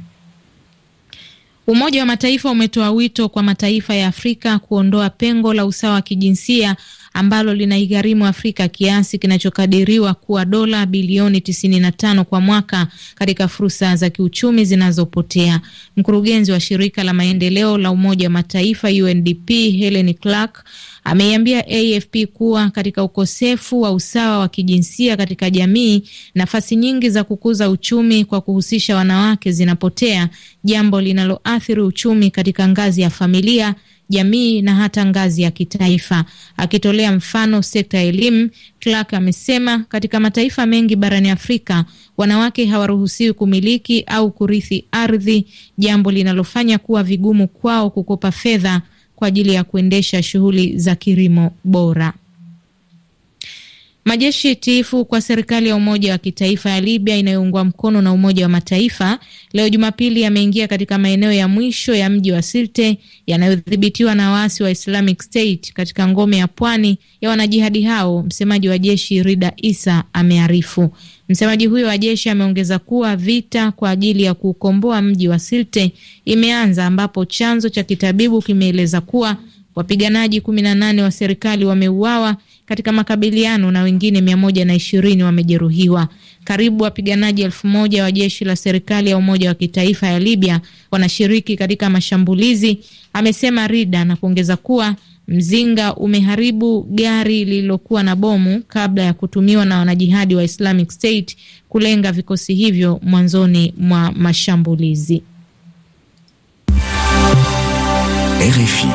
Umoja wa Mataifa umetoa wito kwa mataifa ya Afrika kuondoa pengo la usawa wa kijinsia ambalo linaigharimu Afrika kiasi kinachokadiriwa kuwa dola bilioni 95 kwa mwaka katika fursa za kiuchumi zinazopotea. Mkurugenzi wa shirika la maendeleo la Umoja wa Mataifa UNDP Helen Clark ameiambia AFP kuwa katika ukosefu wa usawa wa kijinsia katika jamii, nafasi nyingi za kukuza uchumi kwa kuhusisha wanawake zinapotea, jambo linaloathiri uchumi katika ngazi ya familia jamii na hata ngazi ya kitaifa. Akitolea mfano sekta ya elimu, Clark amesema katika mataifa mengi barani Afrika wanawake hawaruhusiwi kumiliki au kurithi ardhi, jambo linalofanya kuwa vigumu kwao kukopa fedha kwa ajili ya kuendesha shughuli za kilimo bora. Majeshi tiifu kwa serikali ya umoja wa kitaifa ya Libya inayoungwa mkono na Umoja wa Mataifa leo Jumapili yameingia katika maeneo ya mwisho ya mji wa Sirte yanayodhibitiwa na waasi wa Islamic State katika ngome ya pwani ya wanajihadi hao, msemaji wa jeshi Rida Isa amearifu. Msemaji huyo wa jeshi ameongeza kuwa vita kwa ajili ya kuukomboa mji wa Sirte imeanza, ambapo chanzo cha kitabibu kimeeleza kuwa wapiganaji 18 wa serikali wameuawa katika makabiliano na wengine mia moja na ishirini wamejeruhiwa. Karibu wapiganaji elfu moja wa jeshi la serikali ya Umoja wa Kitaifa ya Libya wanashiriki katika mashambulizi, amesema Rida na kuongeza kuwa mzinga umeharibu gari lililokuwa na bomu kabla ya kutumiwa na wanajihadi wa Islamic State kulenga vikosi hivyo mwanzoni mwa mashambulizi. RFI.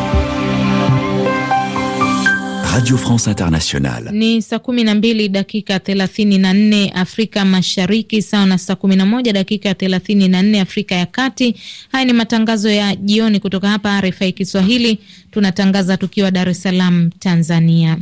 Radio France Internationale. Ni saa 12 dakika 34 Afrika Mashariki, sawa na saa 11 dakika 34 Afrika ya Kati. Haya ni matangazo ya jioni kutoka hapa RFI Kiswahili, tunatangaza tukiwa Dar es Salaam, Tanzania.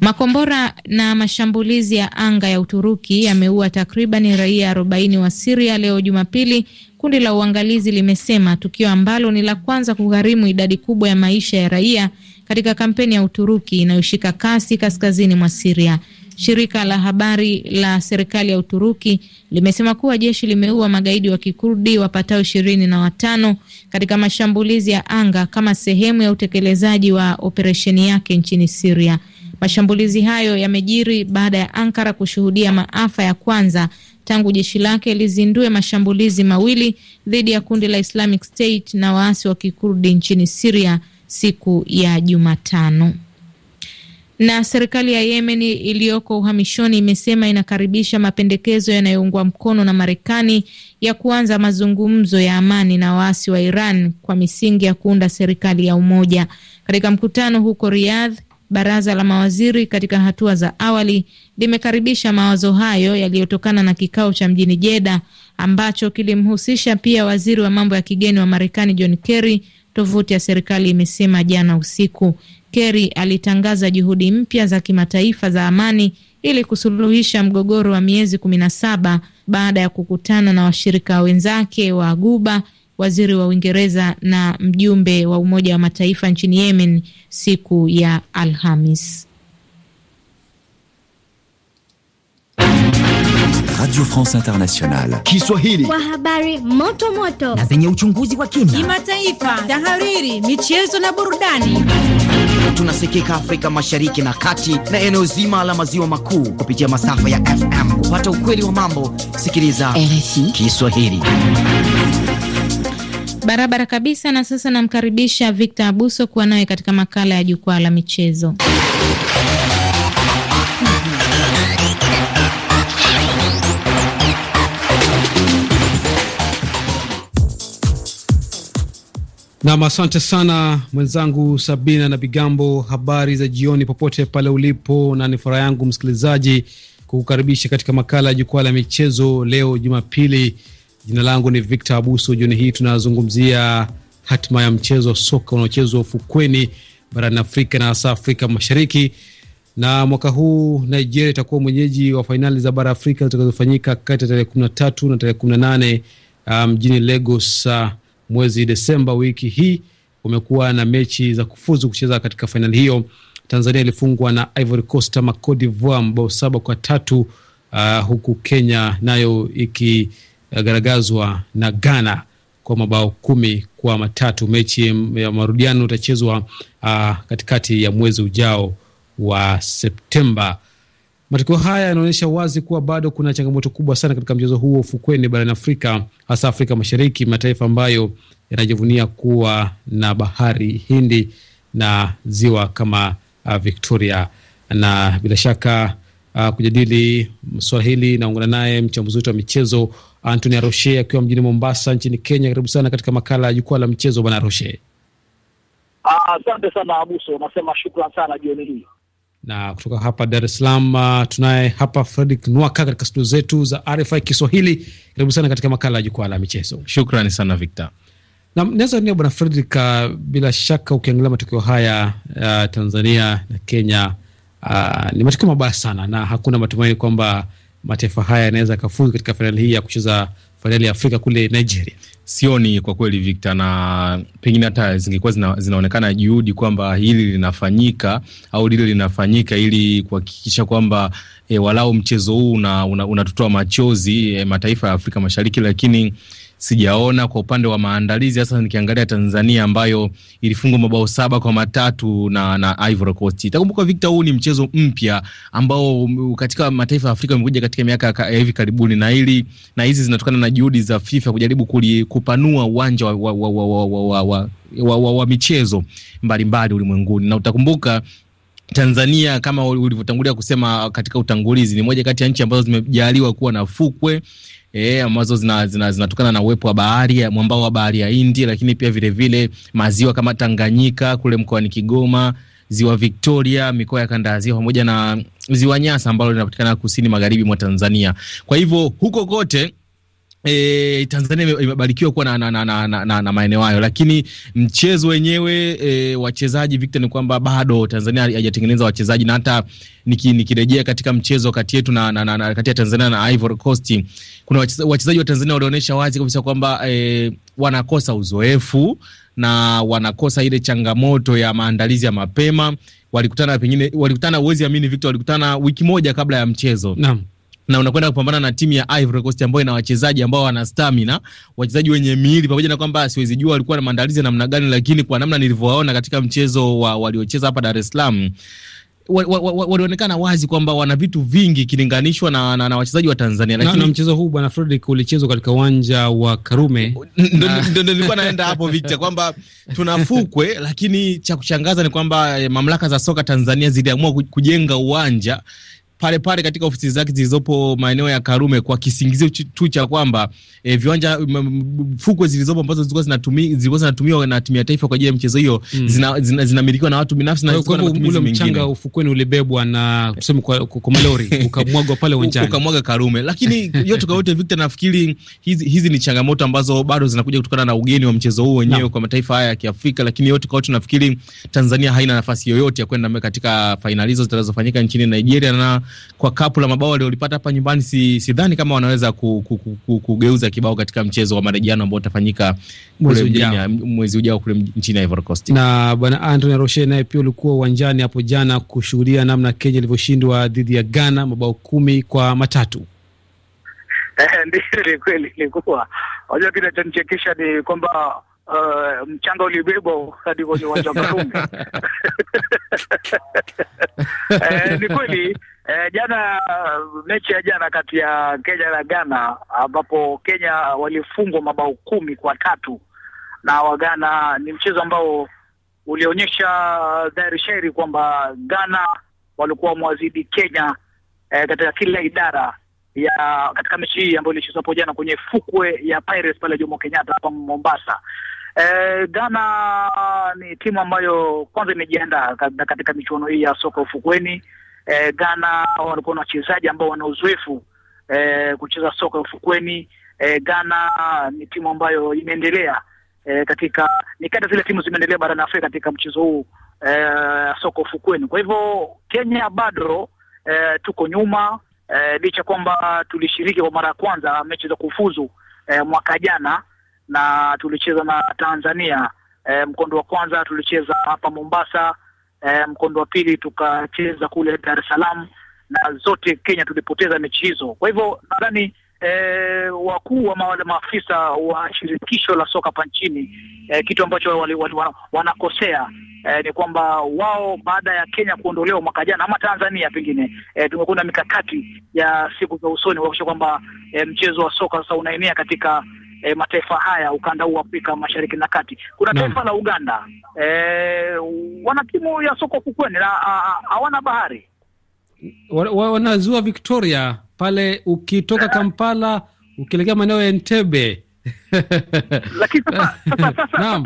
Makombora na mashambulizi ya anga ya Uturuki yameua takriban raia 40 wa Siria leo Jumapili, kundi la uangalizi limesema, tukio ambalo ni la kwanza kugharimu idadi kubwa ya maisha ya raia katika kampeni ya Uturuki inayoshika kasi kaskazini mwa Siria. Shirika la habari la serikali ya Uturuki limesema kuwa jeshi limeua magaidi wa kikurdi wapatao ishirini na watano katika mashambulizi ya anga kama sehemu ya utekelezaji wa operesheni yake nchini Siria. Mashambulizi hayo yamejiri baada ya Ankara kushuhudia maafa ya kwanza tangu jeshi lake lizindue mashambulizi mawili dhidi ya kundi la Islamic State na waasi wa kikurdi nchini Siria siku ya Jumatano. Na serikali ya Yemen iliyoko uhamishoni imesema inakaribisha mapendekezo yanayoungwa mkono na Marekani ya kuanza mazungumzo ya amani na waasi wa Iran kwa misingi ya kuunda serikali ya umoja. Katika mkutano huko Riyadh, baraza la mawaziri katika hatua za awali limekaribisha mawazo hayo yaliyotokana na kikao cha mjini Jeddah ambacho kilimhusisha pia waziri wa mambo ya kigeni wa Marekani John Kerry tovuti ya serikali imesema jana usiku. Kerry alitangaza juhudi mpya za kimataifa za amani ili kusuluhisha mgogoro wa miezi kumi na saba baada ya kukutana na washirika wenzake wa Guba, waziri wa Uingereza na mjumbe wa Umoja wa Mataifa nchini Yemen siku ya Alhamis. Radio France Internationale. Kiswahili kwa habari moto moto na zenye uchunguzi wa kina, kimataifa, tahariri, michezo na burudani. Tunasikika Afrika Mashariki na Kati na eneo zima la maziwa makuu kupitia masafa ya FM. Kupata ukweli wa mambo, sikiliza RFI Kiswahili barabara kabisa. Na sasa namkaribisha Victor Abuso kuwa naye katika makala ya jukwaa la michezo. Nam, asante sana mwenzangu Sabina na Bigambo. Habari za jioni popote pale ulipo, na ni furaha yangu msikilizaji kukukaribisha katika makala ya jukwaa la michezo leo Jumapili. Jina langu ni Victor Abuso. Jioni hii tunazungumzia hatima ya mchezo wa soka unaochezwa ufukweni barani Afrika na hasa Afrika Mashariki. Na mwaka huu Nigeria itakuwa mwenyeji wa fainali za bara Afrika zitakazofanyika kati ya tarehe 13 na tarehe 18 ah, mjini um, Lagos uh, mwezi Desemba wiki hii umekuwa na mechi za kufuzu kucheza katika fainali hiyo. Tanzania ilifungwa na Ivory Coast ama Cote d'Ivoire mabao saba kwa tatu uh, huku Kenya nayo ikigaragazwa na Ghana kwa mabao kumi kwa matatu. Mechi ya marudiano itachezwa uh, katikati ya mwezi ujao wa Septemba. Matokeo haya yanaonyesha wazi kuwa bado kuna changamoto kubwa sana katika mchezo huo ufukweni barani Afrika, hasa Afrika Mashariki, mataifa ambayo yanajivunia kuwa na bahari Hindi na ziwa kama uh, Victoria. Na bila shaka uh, kujadili swala hili naungana naye mchambuzi wetu wa michezo Antony Aroshe akiwa mjini Mombasa nchini Kenya. Karibu sana katika makala ya Jukwaa la Michezo, bwana Aroshe. Ah, asante sana Abuso, unasema shukran sana jioni hii na kutoka hapa Dar es Salaam uh, tunaye hapa Fredrick Nwaka katika studio zetu za RFI Kiswahili. Karibu sana katika makala ya jukwaa la michezo. Shukrani sana Victor. Na naweza nia bwana Fredrick, uh, bila shaka ukiangalia matokeo haya uh, Tanzania na Kenya uh, ni matokeo mabaya sana, na hakuna matumaini kwamba mataifa haya yanaweza yakafuzu katika fainali hii ya kucheza fainali ya Afrika kule Nigeria. Sioni kwa kweli Victor, na pengine hata zingekuwa zina, zinaonekana juhudi kwamba hili linafanyika au lile linafanyika ili kuhakikisha kwamba e, walau mchezo huu unatutoa una, una machozi e, mataifa ya Afrika Mashariki, lakini sijaona kwa upande wa maandalizi, hasa nikiangalia Tanzania ambayo ilifungwa mabao saba kwa matatu na, na Ivory Coast. Itakumbuka Victor, huu ni mchezo mpya ambao katika mataifa ya Afrika umekuja katika miaka ya hivi karibuni, na hili na hizi zinatokana na juhudi za FIFA kujaribu kuli, kupanua uwanja wa, wa, wa, wa, wa, wa, wa, wa, wa michezo mbalimbali ulimwenguni na utakumbuka Tanzania kama ulivyotangulia kusema katika utangulizi, ni moja kati ya nchi ambazo zimejaliwa kuwa na fukwe e, ambazo zinatokana zina, zina na uwepo wa bahari mwambao wa bahari ya Hindi, lakini pia vilevile vile maziwa kama Tanganyika kule mkoani Kigoma, ziwa Victoria, mikoa ya kanda ya ziwa pamoja na ziwa Nyasa ambalo linapatikana kusini magharibi mwa Tanzania. Kwa hivyo huko kote E, Tanzania imebarikiwa kuwa na, na, na, na, na, na, na maeneo hayo, lakini mchezo wenyewe e, wachezaji Victor, ni kwamba bado Tanzania haijatengeneza wachezaji, na hata nikirejea katika mchezo kati yetu na, na, na, kati ya Tanzania na Ivory Coast, kuna wachezaji wa Tanzania walionyesha wazi kabisa kwamba e, wanakosa uzoefu na wanakosa ile changamoto ya maandalizi ya mapema. Walikutana pengine, walikutana, huwezi amini Victor, walikutana wiki moja kabla ya mchezo Naam na unakwenda kupambana na timu ya Ivory Coast ambayo ina wachezaji ambao wana stamina, wachezaji wenye miili, pamoja na kwamba siwezi jua walikuwa na maandalizi namna gani, lakini kwa namna nilivyowaona katika mchezo wa waliocheza hapa Dar es Salaam walionekana wa, wa, wa wazi kwamba wana vitu vingi ikilinganishwa na, na, na wachezaji wa Tanzania lakini... na, na mchezo huu bwana Fredrick ulichezwa katika uwanja wa Karume. Ndio nilikuwa naenda hapo vita kwamba tuna fukwe, lakini cha kushangaza ni kwamba eh, mamlaka za soka Tanzania ziliamua kujenga uwanja pale pale katika ofisi zake zilizopo maeneo ya Karume kwa kisingizio tu cha kwamba e, viwanja fukwe zilizopo ambazo zilikuwa zinatumi, zilikuwa zinatumiwa na timu ya taifa kwa ajili ya mchezo hiyo mm. zinamilikiwa zina, zina na watu binafsi na kwa sababu ule mchanga ufukweni ulibebwa na tuseme kwa, komalori malori ukamwagwa pale uwanjani ukamwaga Karume, lakini yote kwa yote Victor, nafikiri hizi, hizi ni changamoto ambazo bado zinakuja kutokana na ugeni wa mchezo huu wenyewe no. kwa mataifa haya ya Kiafrika, lakini yote kwa yote nafikiri Tanzania haina nafasi yoyote ya kwenda katika fainali hizo zitakazofanyika nchini Nigeria na kwa kapu la mabao waliolipata hapa nyumbani, si sidhani kama wanaweza ku, ku, ku, ku, kugeuza kibao katika mchezo wa marejeano ambao utafanyika mwezi ujao kule nchini Ivory Coast. Na bwana Anthony Roche naye pia ulikuwa uwanjani hapo jana kushuhudia namna Kenya ilivyoshindwa dhidi ya Ghana mabao kumi kwa matatu. Eh, ndio, ni kweli ilikuwa. Unajua, kinachonichekesha ni kwamba Uh, mchanga ulibebwa hadi kwenye uwanja wa Karume. Eh, ni kweli E, jana mechi ya jana kati ya Kenya na Ghana ambapo Kenya walifungwa mabao kumi kwa tatu na Waghana, ni mchezo ambao ulionyesha dhahiri shairi kwamba Ghana walikuwa wamewazidi Kenya e, katika kila idara ya katika mechi hii ambayo ilichezwa hapo jana kwenye fukwe ya Pirates pale Jomo Kenyatta hapa Mombasa. E, Ghana ni timu ambayo kwanza imejiandaa katika michuano hii ya soka ufukweni eh, Ghana walikuwa na wachezaji ambao wana uzoefu eh, kucheza soka ufukweni. Eh, Ghana ni timu ambayo imeendelea eh, katika ni kati zile timu zimeendelea barani Afrika katika mchezo huu eh, soka ufukweni. Kwa hivyo Kenya bado eh, tuko nyuma eh, licha kwamba tulishiriki kwa mara ya kwanza mechi za kufuzu eh, mwaka jana na tulicheza na Tanzania eh, mkondo wa kwanza tulicheza hapa Mombasa eh, mkondo wa pili tukacheza kule Dar es Salaam, na zote Kenya tulipoteza mechi hizo. Kwa hivyo nadhani eh, wakuu wa mawale maafisa wa shirikisho la soka hapa nchini eh, kitu ambacho wali, wali, wanakosea Eh, ni kwamba wao baada ya Kenya kuondolewa mwaka jana ama Tanzania pengine, eh, tumekuwa na mikakati ya siku za usoni kuhakikisha kwamba eh, mchezo wa soka sasa unaenea katika e, mataifa haya ukanda huu wa Afrika Mashariki na Kati. Kuna taifa la Uganda e, wana timu ya soko fukweni na hawana bahari, wanazua wana Victoria pale ukitoka Kampala ukielekea maeneo ya Entebbe lakini sasa, sasa, sasa, sasa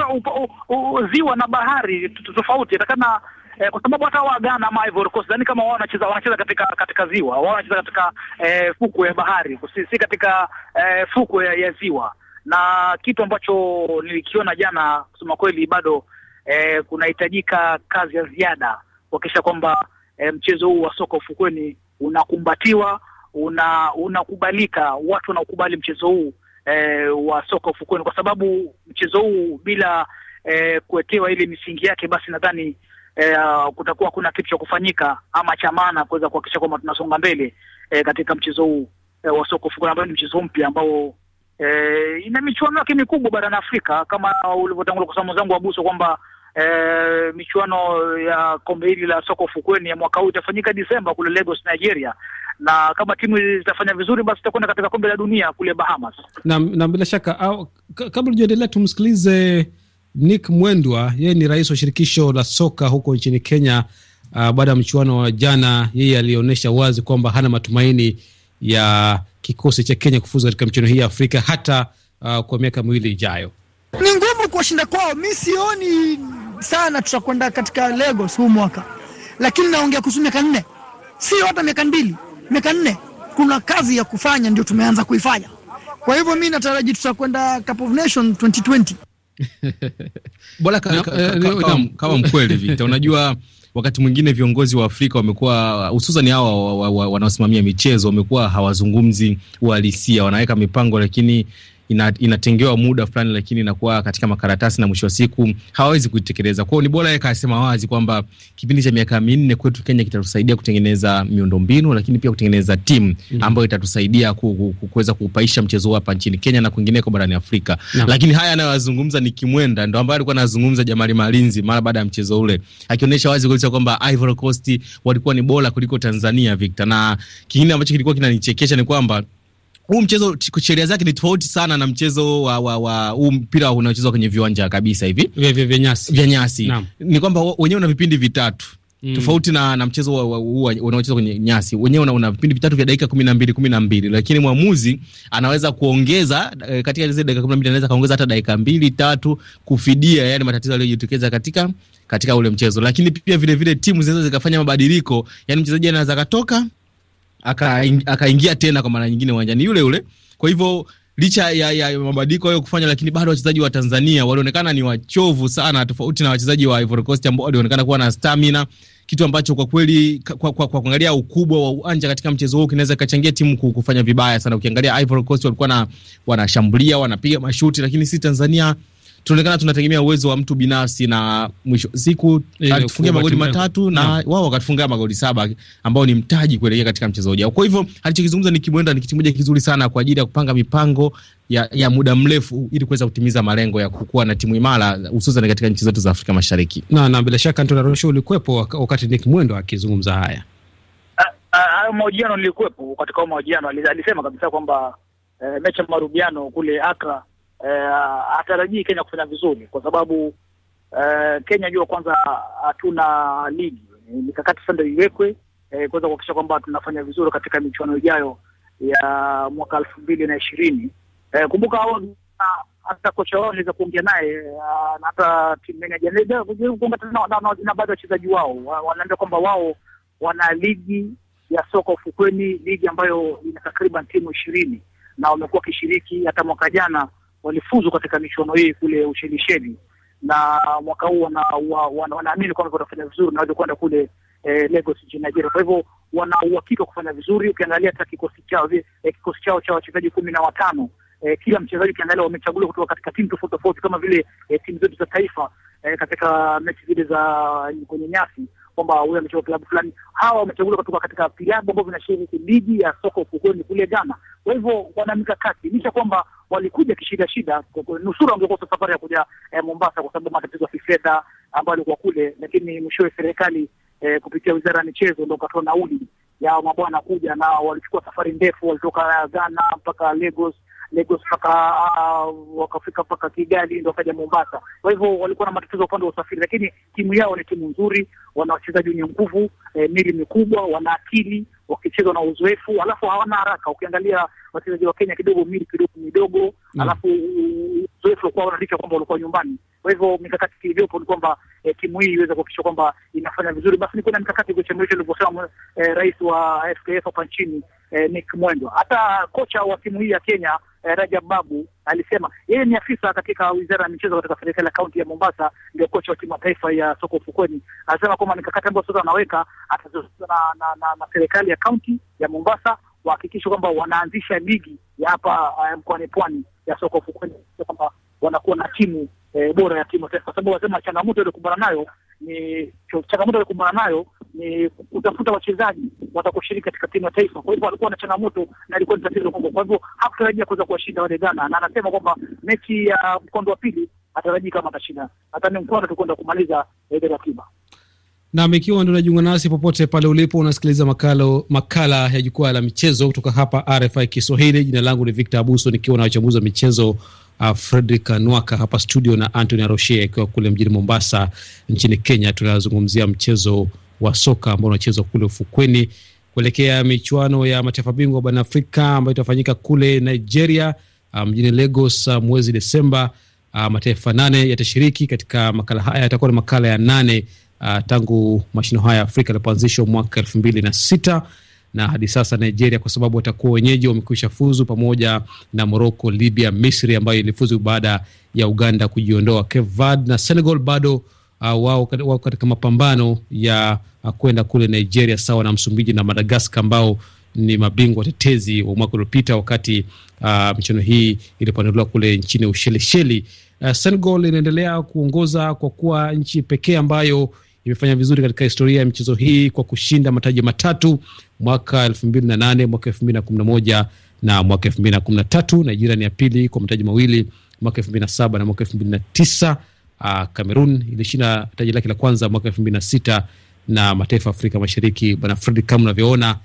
ziwa na bahari tofauti takana eh, kwa sababu hata wa Ghana ama Ivory Coast yani kama wao wanacheza wanacheza katika katika ziwa wao wanacheza katika eh, fukwe ya bahari si, si katika eh, fukwe ya, ya ziwa na kitu ambacho nilikiona jana, kusema kweli, bado eh, kunahitajika kazi ya ziada kuhakikisha kwamba eh, mchezo huu wa soka ufukweni unakumbatiwa, una unakubalika, watu wanaokubali mchezo huu eh, wa soka ufukweni, kwa sababu mchezo huu bila eh, kuwekewa ile misingi yake, basi nadhani eh, kutakuwa kuna kitu cha kufanyika ama cha maana kuweza kuhakikisha kwamba tunasonga mbele eh, katika mchezo huu eh, wa soka ufukweni ambao ni mchezo mpya ambao e, ina michuano yake mikubwa barani Afrika kama ulivyotangulia kusema mwenzangu Abuso kwamba e, michuano ya kombe hili la soko fukweni ya mwaka huu itafanyika Disemba kule Lagos, Nigeria, na kama timu zitafanya vizuri, basi itakwenda katika kombe la dunia kule Bahamas. Na, na bila shaka au, kabla tujaendelea tumsikilize Nick Mwendwa, yeye ni rais wa shirikisho la soka huko nchini Kenya. Uh, baada ya mchuano wa jana, yeye alionyesha wazi kwamba hana matumaini ya kikosi cha Kenya kufuzu katika michuano hii ya Afrika hata uh, kwa miaka miwili ijayo. Ni ngumu kuwashinda kwao. Mi sioni sana tutakwenda katika Lagos huu mwaka, lakini naongea kuhusu miaka nne, sio hata miaka mbili, miaka nne. Kuna kazi ya kufanya, ndio tumeanza kuifanya. Kwa hivyo mi nataraji tutakwenda Cup of Nation 2020 eh, eh, eh, mkweli vita, unajua wakati mwingine viongozi wa Afrika wamekuwa hususan hawa wanaosimamia michezo wamekuwa hawazungumzi uhalisia, wanaweka mipango lakini ina, inatengewa muda fulani, lakini inakuwa katika makaratasi na mwisho wa siku hawawezi kuitekeleza. Kwao ni bora yeye kasema wazi kwamba kipindi cha miaka minne kwetu Kenya kitatusaidia kutengeneza miundombinu, lakini pia kutengeneza timu mm. ambayo itatusaidia kuweza kuupaisha mchezo hapa nchini Kenya na kwingineko barani Afrika na. Lakini haya anayoyazungumza ni Kimwenda ndo ambaye alikuwa anazungumza Jamali Malinzi mara baada ya mchezo ule, akionyesha wazi kabisa kwamba Ivory Coast walikuwa ni bora kuliko Tanzania Victor, na kingine ambacho kilikuwa kinanichekesha ni kwamba huu mchezo sheria zake ni tofauti sana na mchezo wa wa wa huu mpira unaochezwa kwenye viwanja kabisa hivi vya nyasi vya nyasi. Ni kwamba wenyewe una vipindi vitatu mm. tofauti na na mchezo huu unaochezwa kwenye nyasi, wenyewe una, vipindi vitatu vya dakika 12 12, lakini mwamuzi anaweza kuongeza e, katika zile dakika 12 anaweza kaongeza hata dakika mbili tatu kufidia yani matatizo yaliyojitokeza katika katika ule mchezo, lakini pia vile vile timu zinaweza zikafanya mabadiliko, yani mchezaji anaweza katoka akaingia tena kwa mara nyingine uwanjani yule yule. Kwa hivyo licha ya, ya mabadiliko hayo kufanya, lakini bado wachezaji wa Tanzania walionekana ni wachovu sana, tofauti na wachezaji wa Ivory Coast ambao walionekana kuwa na stamina, kitu ambacho kwa kweli kwa, kwa, kwa kuangalia ukubwa wa uwanja katika mchezo huu kinaweza kachangia timu kufanya vibaya sana. Ukiangalia Ivory Coast walikuwa na wanashambulia, wanapiga mashuti, lakini si Tanzania tunaonekana tunategemea uwezo wa mtu binafsi, na mwisho siku alifungia magoli matatu na yeah, wao wakatufungia magoli saba ambao ni mtaji kuelekea katika mchezo ujao. Kwa hivyo alichokizungumza ni Kimwenda ni kitu moja kizuri sana kwa ajili ya kupanga mipango ya, ya muda mrefu ili kuweza kutimiza malengo ya kukua na timu imara hususan katika nchi zetu za Afrika Mashariki. Na, na bila shaka Antony Arosho ulikuwepo wakati Nick Mwendo akizungumza haya ah, ah, hayo mahojiano. Nilikuwepo katika mahojiano, alisema kabisa kwamba e, mechi ya kule Accra hatarajii eh, atarajii Kenya kufanya vizuri kwa sababu eh, Kenya jua kwanza hatuna ligi. Mikakati sasa ndio iwekwe eh, kuweza kuhakikisha kwamba tunafanya vizuri katika michuano ijayo ya mwaka elfu mbili na ishirini. Eh, kumbuka hao hata kocha wao aliweza kuongea naye eh, na hata team manager na baadhi ya wachezaji wao wanaambia kwamba wao wana ligi ya soka ufukweni, ligi ambayo ina takriban timu ishirini na wamekuwa wakishiriki hata mwaka jana walifuzu katika michuano hii kule Ushelisheli, na mwaka huu wanaamini wana, wana kwamba watafanya vizuri na kwenda kule eh, Lagos nchini Nigeria. Kwa hivyo wana uhakika kufanya vizuri. Ukiangalia hata kikosi chao eh, kikosi chao cha wachezaji kumi na watano eh, kila mchezaji ukiangalia wamechaguliwa kutoka katika timu tofauti tofauti kama vile eh, timu zetu za taifa eh, katika mechi zile za eh, kwenye nyasi kwamba huyu amechukua klabu fulani, hawa wamechaguliwa kutoka katika vilabu ambavyo vinashiriki ligi ya soka ufukweni kule Ghana. Kwa hivyo wana mikakati, licha kwamba walikuja kishida shida, nusura wangekosa safari ya kuja eh, Mombasa kwa sababu matatizo ya kifedha ambayo alikuwa kule, lakini mwishowe serikali eh, kupitia wizara ya michezo ndo ukatoa nauli ya mabwana kuja, na walichukua safari ndefu, walitoka Ghana mpaka Lagos Lagos mpaka ah, ah, wakafika mpaka Kigali, ndio wakaja Mombasa. Kwa hivyo walikuwa na matatizo upande wa usafiri, lakini timu yao ni timu nzuri, wana wachezaji wenye nguvu, eh, mili mikubwa, wana akili wakicheza na uzoefu, alafu hawana haraka. Ukiangalia wachezaji wa Kenya kidogo mili kidogo midogo, mm. alafu uzoefu ulikuwa wanaricha kwamba walikuwa nyumbani. Kwa hivyo mikakati iliyopo ni kwamba eh, timu hii iweze kuhakikisha kwamba inafanya vizuri, basi ni kuna mikakati kuchemsha, ilivyosema eh, rais wa FKF hapa nchini eh, Nick Mwendwa. Hata kocha wa timu hii ya Kenya eh, Rajab Babu alisema yeye ni afisa katika wizara ya michezo katika serikali ya kaunti ya Mombasa, ndio kocha wa timu ya taifa ya soko ufukweni. Anasema kwamba mikakati ambayo sasa anaweka atazungumza na, na, na, na serikali ya kaunti ya Mombasa wahakikisha kwamba wanaanzisha ligi ya hapa uh, mkoani Pwani ya soko ufukweni, kwamba wanakuwa na timu eh, bora ya timu ya taifa, kwa sababu wanasema changamoto ile kumbana nayo ni changamoto ile nayo ni kutafuta wachezaji watakaoshiriki katika timu ya taifa. Kwa hivyo alikuwa na changamoto na ilikuwa ni tatizo kubwa, kwa hivyo hakutarajia kuweza kuwashinda wale Ghana, na anasema kwamba mechi ya uh, mkondo wa pili atarajii kama atashinda, hata nadhani mkondo kwenda kumaliza eh, ile ratiba. Na ikiwa ndio unajiunga nasi popote pale ulipo, unasikiliza makala makala ya jukwaa la michezo kutoka hapa RFI Kiswahili. Jina langu ni Victor Abuso nikiwa na wachambuzi wa michezo uh, Fredrick Nwaka hapa studio na Antony Roche akiwa kule mjini Mombasa nchini Kenya. Tunazungumzia mchezo wa soka ambao unachezwa kule ufukweni kuelekea michuano ya mataifa bingwa barani Afrika ambayo itafanyika kule Nigeria ah, mjini um, Lagos uh, mwezi Desemba. Uh, mataifa nane yatashiriki katika makala haya, yatakuwa ni makala ya nane uh, tangu mashindano haya ya Afrika yalipoanzishwa mwaka elfu mbili na sita na hadi sasa Nigeria kwa sababu watakuwa wenyeji wamekwisha fuzu pamoja na Morocco, Libya, Misri ambayo ilifuzu baada ya Uganda kujiondoa. Cape Verde na Senegal bado uh, wao wao katika mapambano ya uh, kwenda kule Nigeria sawa na Msumbiji na Madagaskar ambao ni mabingwa watetezi wa mwaka uliopita, wakati uh, michuano hii ilipanuliwa kule nchini Ushelisheli. Uh, Senegal inaendelea kuongoza kwa kuwa nchi pekee ambayo imefanya vizuri katika historia ya michezo hii kwa kushinda mataji matatu mwaka elfu mbili na nane mwaka elfu mbili na kumi na moja na mwaka elfu mbili na kumi na tatu Nigeria ni ya pili kwa mataji mawili mwaka elfu mbili na saba na mwaka elfu mbili na tisa Ah, Cameroon ilishinda taji lake la kwanza mwaka elfu mbili na sita na mataifa ya Afrika Mashariki. Bwana Fred, kama unavyoona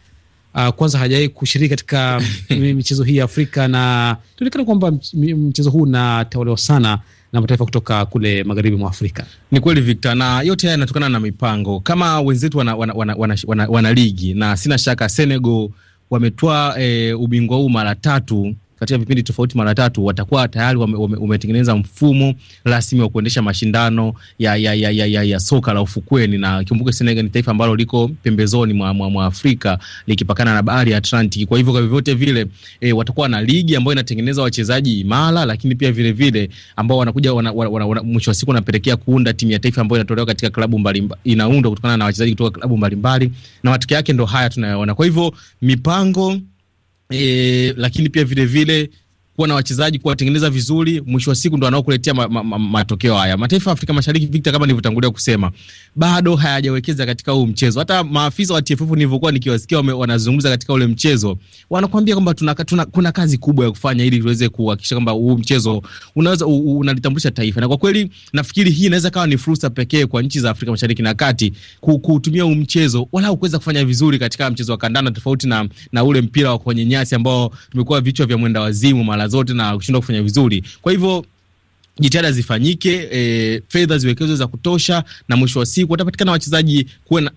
Uh, kwanza hajawahi kushiriki katika michezo hii ya Afrika na tuonekana kwamba mchezo huu unatawaliwa sana na mataifa kutoka kule magharibi mwa Afrika. Ni kweli Victor, na yote haya yanatokana na mipango kama wenzetu wana, wana, wana, wana, wana, wana ligi na sina shaka Senegal wametwaa e, ubingwa huu mara tatu katika vipindi tofauti mara tatu, watakuwa tayari umetengeneza wame, mfumo rasmi wa kuendesha mashindano ya, ya, ya, ya, ya, ya soka la ufukweni. Na kumbuke Senegal ni taifa ambalo liko pembezoni mwa, mwa, mwa Afrika likipakana na bahari ya Atlantic. Kwa hivyo kwa vyovyote vile e, watakuwa na ligi ambayo inatengeneza wachezaji imara, lakini pia vile vile ambao wanakuja wana, wana, wana, mwisho wa siku wanapelekea kuunda timu ya taifa ambayo inatolewa katika klabu mbalimbali, inaundwa kutokana na wachezaji kutoka klabu mbalimbali, na matokeo yake ndo haya tunayoona. Kwa hivyo mipango e, lakini pia vilevile vile, kuwa na wachezaji, kuwatengeneza vizuri, mwisho wa siku ndo wanaokuletea ma, ma, ma, matokeo haya. Mataifa ya Afrika Mashariki, Victor, kama nilivyotangulia kusema, bado hayajawekeza katika huu mchezo. Hata maafisa wa TFF nilivyokuwa nikiwasikia wanazungumza katika ule mchezo, wanakuambia kwamba kuna kazi kubwa ya kufanya ili tuweze kuhakikisha kwamba huu mchezo unaweza unalitambulisha taifa, na kwa kweli nafikiri hii inaweza kawa ni fursa pekee kwa nchi za Afrika Mashariki na Kati kuutumia huu mchezo wala kuweza kufanya vizuri katika mchezo wa kandanda, tofauti na, na ule mpira wa kwenye nyasi ambao tumekuwa vichwa vya mwenda wazimu mara zote na kushindwa kufanya vizuri. Kwa hivyo jitihada zifanyike, e, fedha ziwekezwe za kutosha, na mwisho wa siku watapatikana wachezaji kuwe na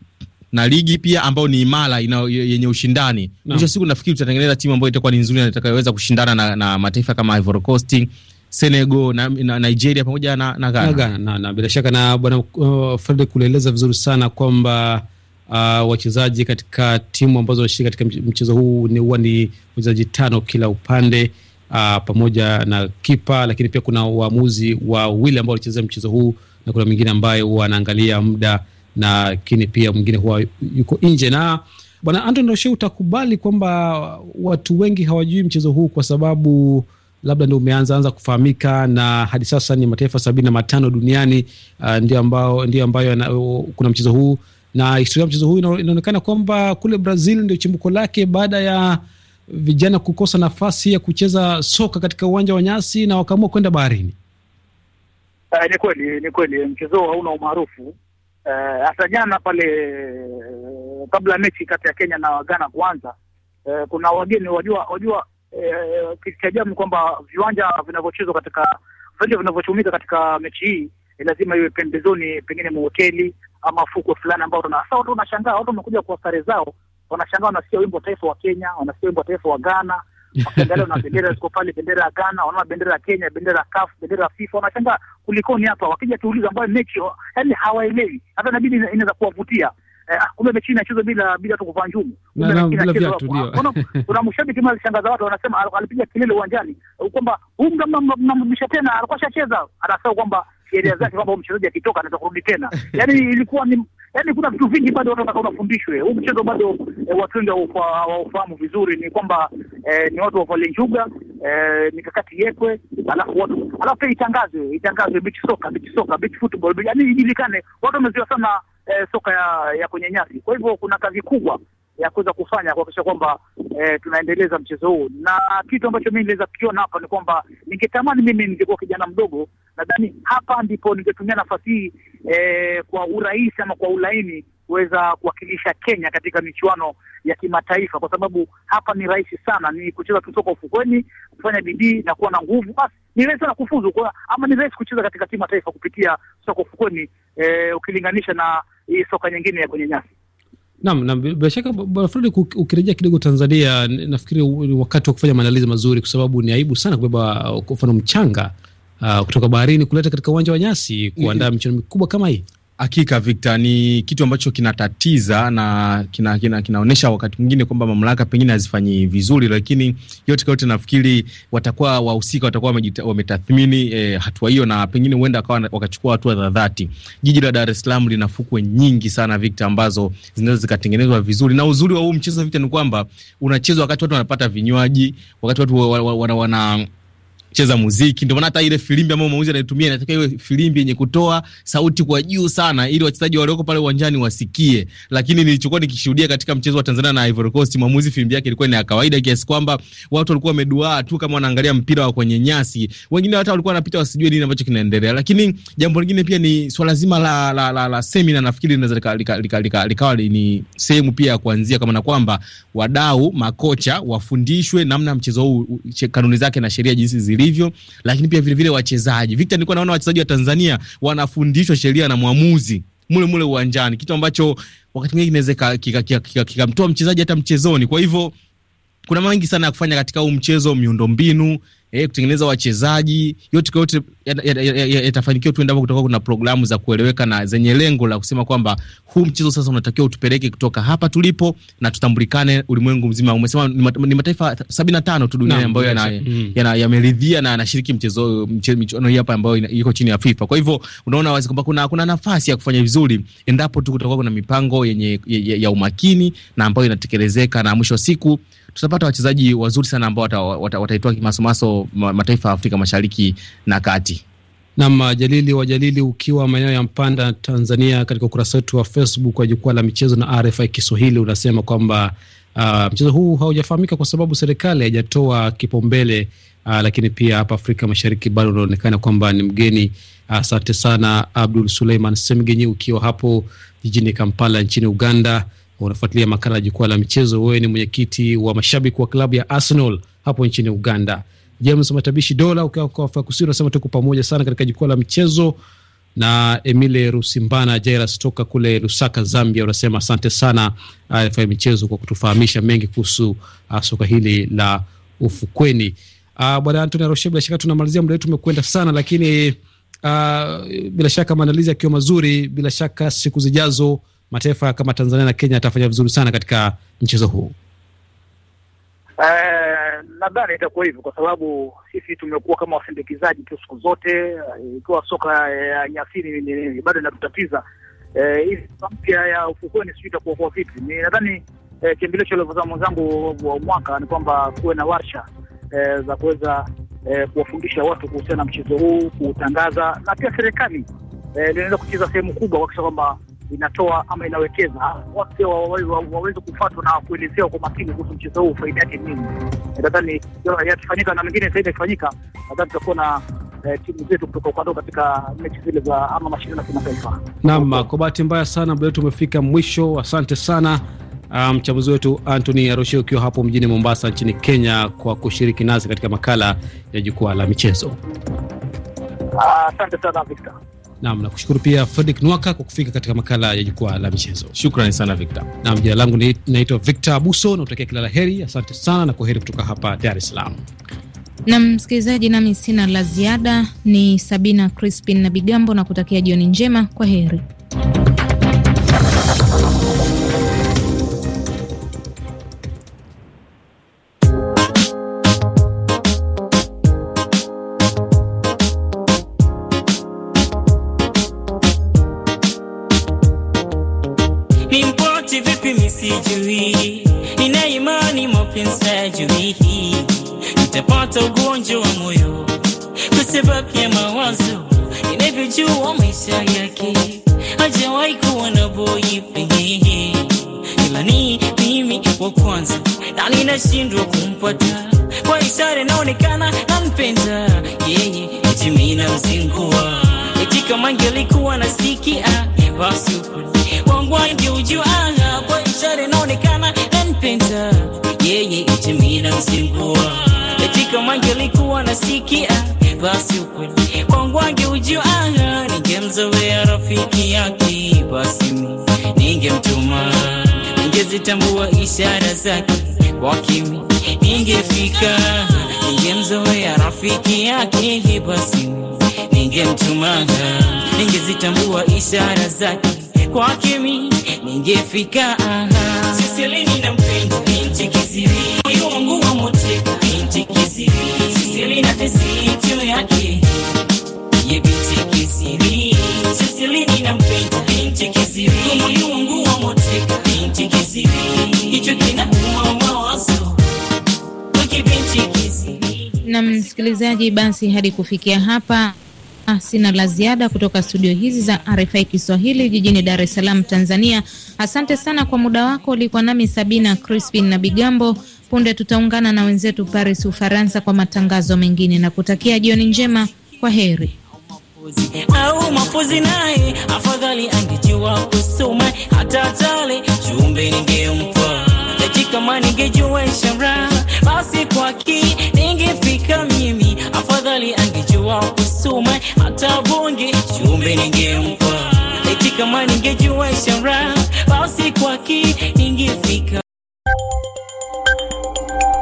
na ligi pia ambayo ni imara ina yenye ushindani. no. Mwisho siku nafikiri tutatengeneza timu ambayo itakuwa ni nzuri na itakayoweza kushindana na, na mataifa kama Ivory Coast, Senegal na, na Nigeria pamoja na, na Ghana. Na Ghana na, na bila shaka na bwana uh, Fred kueleza vizuri sana kwamba uh, wachezaji katika timu ambazo wanashiriki katika mchezo huu ni huwa ni wachezaji tano kila upande uh, pamoja na kipa, lakini pia kuna waamuzi wawili ambao walichezea mchezo huu na kuna mwingine ambaye huwa anaangalia muda, lakini pia mwingine huwa yuko nje. Na bwana Anton Roshe, utakubali kwamba watu wengi hawajui mchezo huu kwa sababu labda ndio umeanza anza kufahamika na hadi sasa ni mataifa sabini na matano duniani uh, ndio ambao ndio ambayo na, uh, kuna mchezo huu na historia ya mchezo huu inaonekana kwamba kule Brazil ndio chimbuko lake baada ya vijana kukosa nafasi ya kucheza soka katika uwanja wa nyasi na wakaamua kwenda baharini? Uh, ni kweli, ni kweli mchezo hauna umaarufu eh, hata. Uh, jana pale kabla mechi kati ya Kenya na Ghana kuanza, uh, kuna wageni wajua, wajua uh, kitu cha ajabu kwamba viwanja vinavyochezwa katika viwanja vinavyotumika katika mechi hii lazima iwe pembezoni, pengine mahoteli ama fukwe fulani, ambao tunashangaa watu wamekuja kwa sare zao wanashangaa, wanasikia wimbo taifa wa Kenya, wanasikia wimbo taifa wa Ghana, wakiangalia na bendera ziko pale, bendera ya Ghana, wanaona bendera ya Kenya, bendera ya CAF, bendera ya FIFA, wanashangaa kulikoni hapa. Wakija tuuliza ambayo mechi, yani hawaelewi, hata inabidi inaweza kuwavutia eh, ah, kumbe mechi inachezwa bila bila hata kuvaa njumu. Kuna mshabiki mmoja alishangaza watu, wanasema alipiga kelele uwanjani kwamba huyu mnamrudisha tena, alikuwa shacheza, anasahau kwamba sheria zake kwamba mchezaji akitoka anaweza kurudi tena. yani ilikuwa ni yani, kuna vitu vingi bado watu wanataka unafundishwe. Huu mchezo bado eh, watu wengi hawafahamu vizuri, ni kwamba eh, ni watu wavale njuga eh, mikakati yekwe, alafu watu alafu pia itangazwe itangazwe beach soka beach soka beach football, yani ijulikane. Watu wamezoea sana eh, soka ya, ya kwenye nyasi, kwa hivyo kuna kazi kubwa ya kuweza kufanya kuhakikisha kwamba e, tunaendeleza mchezo huu, na kitu ambacho mimi niliweza kukiona hapa ni kwamba ningetamani mimi ningekuwa kijana mdogo, nadhani hapa ndipo ningetumia nafasi hii e, kwa urahisi ama kwa ulaini kuweza kuwakilisha Kenya katika michuano ya kimataifa, kwa sababu hapa ni rahisi sana, ni kucheza tu soka ufukweni, kufanya bidii na kuwa na nguvu, basi ni rahisi sana kufuzu kwa, ama ni rahisi kucheza katika timu ya taifa kupitia soka ufukweni e, ukilinganisha na hii soka nyingine ya kwenye nyasi. Naam, na bila shaka bwana Fred, ukirejea kidogo Tanzania, nafikiri ni wakati wa kufanya maandalizi mazuri, kwa sababu ni aibu sana kubeba kwa mfano mchanga uh, kutoka baharini kuleta katika uwanja wa nyasi kuandaa michuano mikubwa kama hii. Hakika Victor, ni kitu ambacho kinatatiza na kina, kina, kinaonyesha wakati mwingine kwamba mamlaka pengine hazifanyi vizuri, lakini yote yote nafikiri watakuwa wahusika watakuwa wametathmini e, hatua hiyo na pengine huenda akawa wakachukua hatua za dhati. Jiji la Dar es Salaam lina fukwe nyingi sana Victor, ambazo zinaweza zikatengenezwa vizuri, na uzuri wa huu mchezo Victor ni kwamba unachezwa wakati watu wanapata vinywaji, wakati watu wana, wana, wana cheza muziki. Ndio maana hata ile filimbi ambayo mwamuzi anaitumia inataka iwe filimbi yenye kutoa sauti kwa juu sana, ili wachezaji walioko pale uwanjani wasikie. Lakini nilichokuwa nikishuhudia katika mchezo wa Tanzania na Ivory Coast, mwamuzi filimbi yake ilikuwa ni ya kawaida kiasi kwamba watu walikuwa wameduaa tu kama wanaangalia mpira wa kwenye nyasi, wengine hata walikuwa wanapita wasijue nini ambacho kinaendelea. Lakini jambo lingine pia ni swala zima la, la, la, la semina, nafikiri linaweza likawa lika, lika, lika, lika, lika, lika, ni sehemu pia ya kuanzia, kama na kwamba wadau makocha wafundishwe namna mchezo huu kanuni zake na sheria jinsi zilivyo ilivyo, lakini pia vile vile wachezaji. Victor, nilikuwa naona wachezaji wa Tanzania wanafundishwa sheria na mwamuzi mule mule uwanjani, kitu ambacho wakati mwingine kinaweza kikamtoa mchezaji hata mchezoni. Kwa hivyo kuna mengi sana ya kufanya katika huu mchezo, miundombinu eh, kutengeneza wachezaji, yote kwa yote yatafanikiwa tu endapo kutakuwa kuna programu za kueleweka na zenye lengo la kusema kwamba huu mchezo sasa unatakiwa utupeleke kutoka hapa tulipo na tutambulikane ulimwengu mzima. Umesema ni mataifa sabini na tano tu duniani ambayo mm. yameridhia na yanashiriki mchezo michuano hii hapa ambayo iko chini ya FIFA. Kwa hivyo unaona wazi kwamba kuna kuna nafasi ya kufanya vizuri endapo tu kutakuwa kuna mipango yenye ya umakini na ambayo inatekelezeka na mwisho wa siku tutapata wachezaji wazuri sana ambao wataitoa wata, wata kimasomaso mataifa ya Afrika Mashariki na Kati. Nam uh, Jalili wa Jalili, ukiwa maeneo ya Mpanda, Tanzania, katika ukurasa wetu wa Facebook wa Jukwaa la Michezo na RFI Kiswahili unasema kwamba uh, mchezo huu haujafahamika kwa sababu serikali haijatoa kipaumbele uh, lakini pia hapa Afrika Mashariki bado unaonekana kwamba ni mgeni. Uh, asante uh, sana Abdul Suleiman Semgenyi, ukiwa hapo jijini Kampala nchini Uganda unafuatilia makala ya jukwaa la michezo. Wewe ni mwenyekiti wa mashabiki wa klabu ya Arsenal hapo nchini Uganda. James Matabishi Dola ukiwa kwa Afrika Kusini, unasema tuko pamoja sana katika jukwaa la michezo na Emile Rusimbana Jairas toka kule Lusaka, Zambia, unasema asante sana RFI uh, Michezo kwa kutufahamisha mengi kuhusu uh, soka hili la ufukweni. Uh, bwana Antoni Aroshe, bila shaka tunamalizia, muda wetu umekwenda sana, lakini uh, bila shaka maandalizi yakiwa mazuri, bila shaka siku zijazo mataifa kama Tanzania na Kenya yatafanya vizuri sana katika mchezo huu? Eh, nadhani itakuwa hivyo kwa sababu sisi tumekuwa kama wasindikizaji tu siku zote, eh, ikiwa soka ya uh, nyasini bado inatutatiza hivi eh, uh, mpya ya ufukweni, sijui itakuwa kwa vipi. Ni nadhani uh, kiambilio cha levoza mwenzangu wa mwaka ni kwamba kuwe na warsha uh, za kuweza uh, kuwafundisha watu kuhusiana na mchezo huu, kuutangaza na pia serikali uh, linaweza kucheza sehemu kubwa kuhakikisha kwamba inatoa ama inawekeza wote waweze kufuatwa na kuelezewa kwa makini kuhusu mchezo huu, faida yake nini. Nadhani yakifanyika na mengine zaidi yakifanyika, nadhani tutakuwa na eh, timu zetu kwa bahati mbaya sana muda wetu umefika mwisho. Asante sana ah, mchambuzi um, wetu Anthony Aroshe ukiwa hapo mjini Mombasa nchini Kenya kwa kushiriki nasi katika makala ya jukwaa la michezo. Asante sana Victor. Naam, nakushukuru pia Fredrick Nwaka kwa kufika katika makala ya jukwaa la michezo. Shukrani sana Victor. Nam jina langu naitwa Victor Abuso na kila la heri. Asante sana na kwa heri kutoka hapa Dar es Salaam. Na msikilizaji, nami sina la ziada, ni Sabina Crispin na Bigambo na kutakia jioni njema, kwa heri. maisha yake hajawahi kuwa na boyfriend, ila ni mimi wa kwanza na ninashindwa kumpata kwa ishara inaonekana nampenda yeye, eti mimi namzingua, eti kama angelikuwa nasikia basi wangu angeujua, kwa ishara inaonekana nampenda yeye, eti mimi namzingua, kama angelikuwa nasikia basi ukweli wangu angeujua ningemzoea rafiki yake, basi ningemtuma, ningezitambua ishara zake kwa kimi, ningefika, ningemzoea rafiki yake, basi ningemtuma, ningezitambua ishara zake kwa kimi, ningefika. Sisilini na mpenda binti kiziri, moyo wangu wa wamoteka binti kiziri, Sisilini na tesi yake na msikilizaji, basi hadi kufikia hapa ah, sina la ziada kutoka studio hizi za RFI Kiswahili jijini Dar es Salaam, Tanzania. Asante sana kwa muda wako. Ulikuwa nami Sabina Crispin na Bigambo. Punde tutaungana na wenzetu Paris, Ufaransa, kwa matangazo mengine na kutakia jioni njema. Kwa heri mapozi au mapozi, naye afadhali angejua kusoma hata tale chumbe ningempa kama ningejua ishara basi kwaki ningefika mimi, afadhali angejua kusoma hata bonge chumbe ningempa. Eti kama ningejua ishara basi kwaki ningefika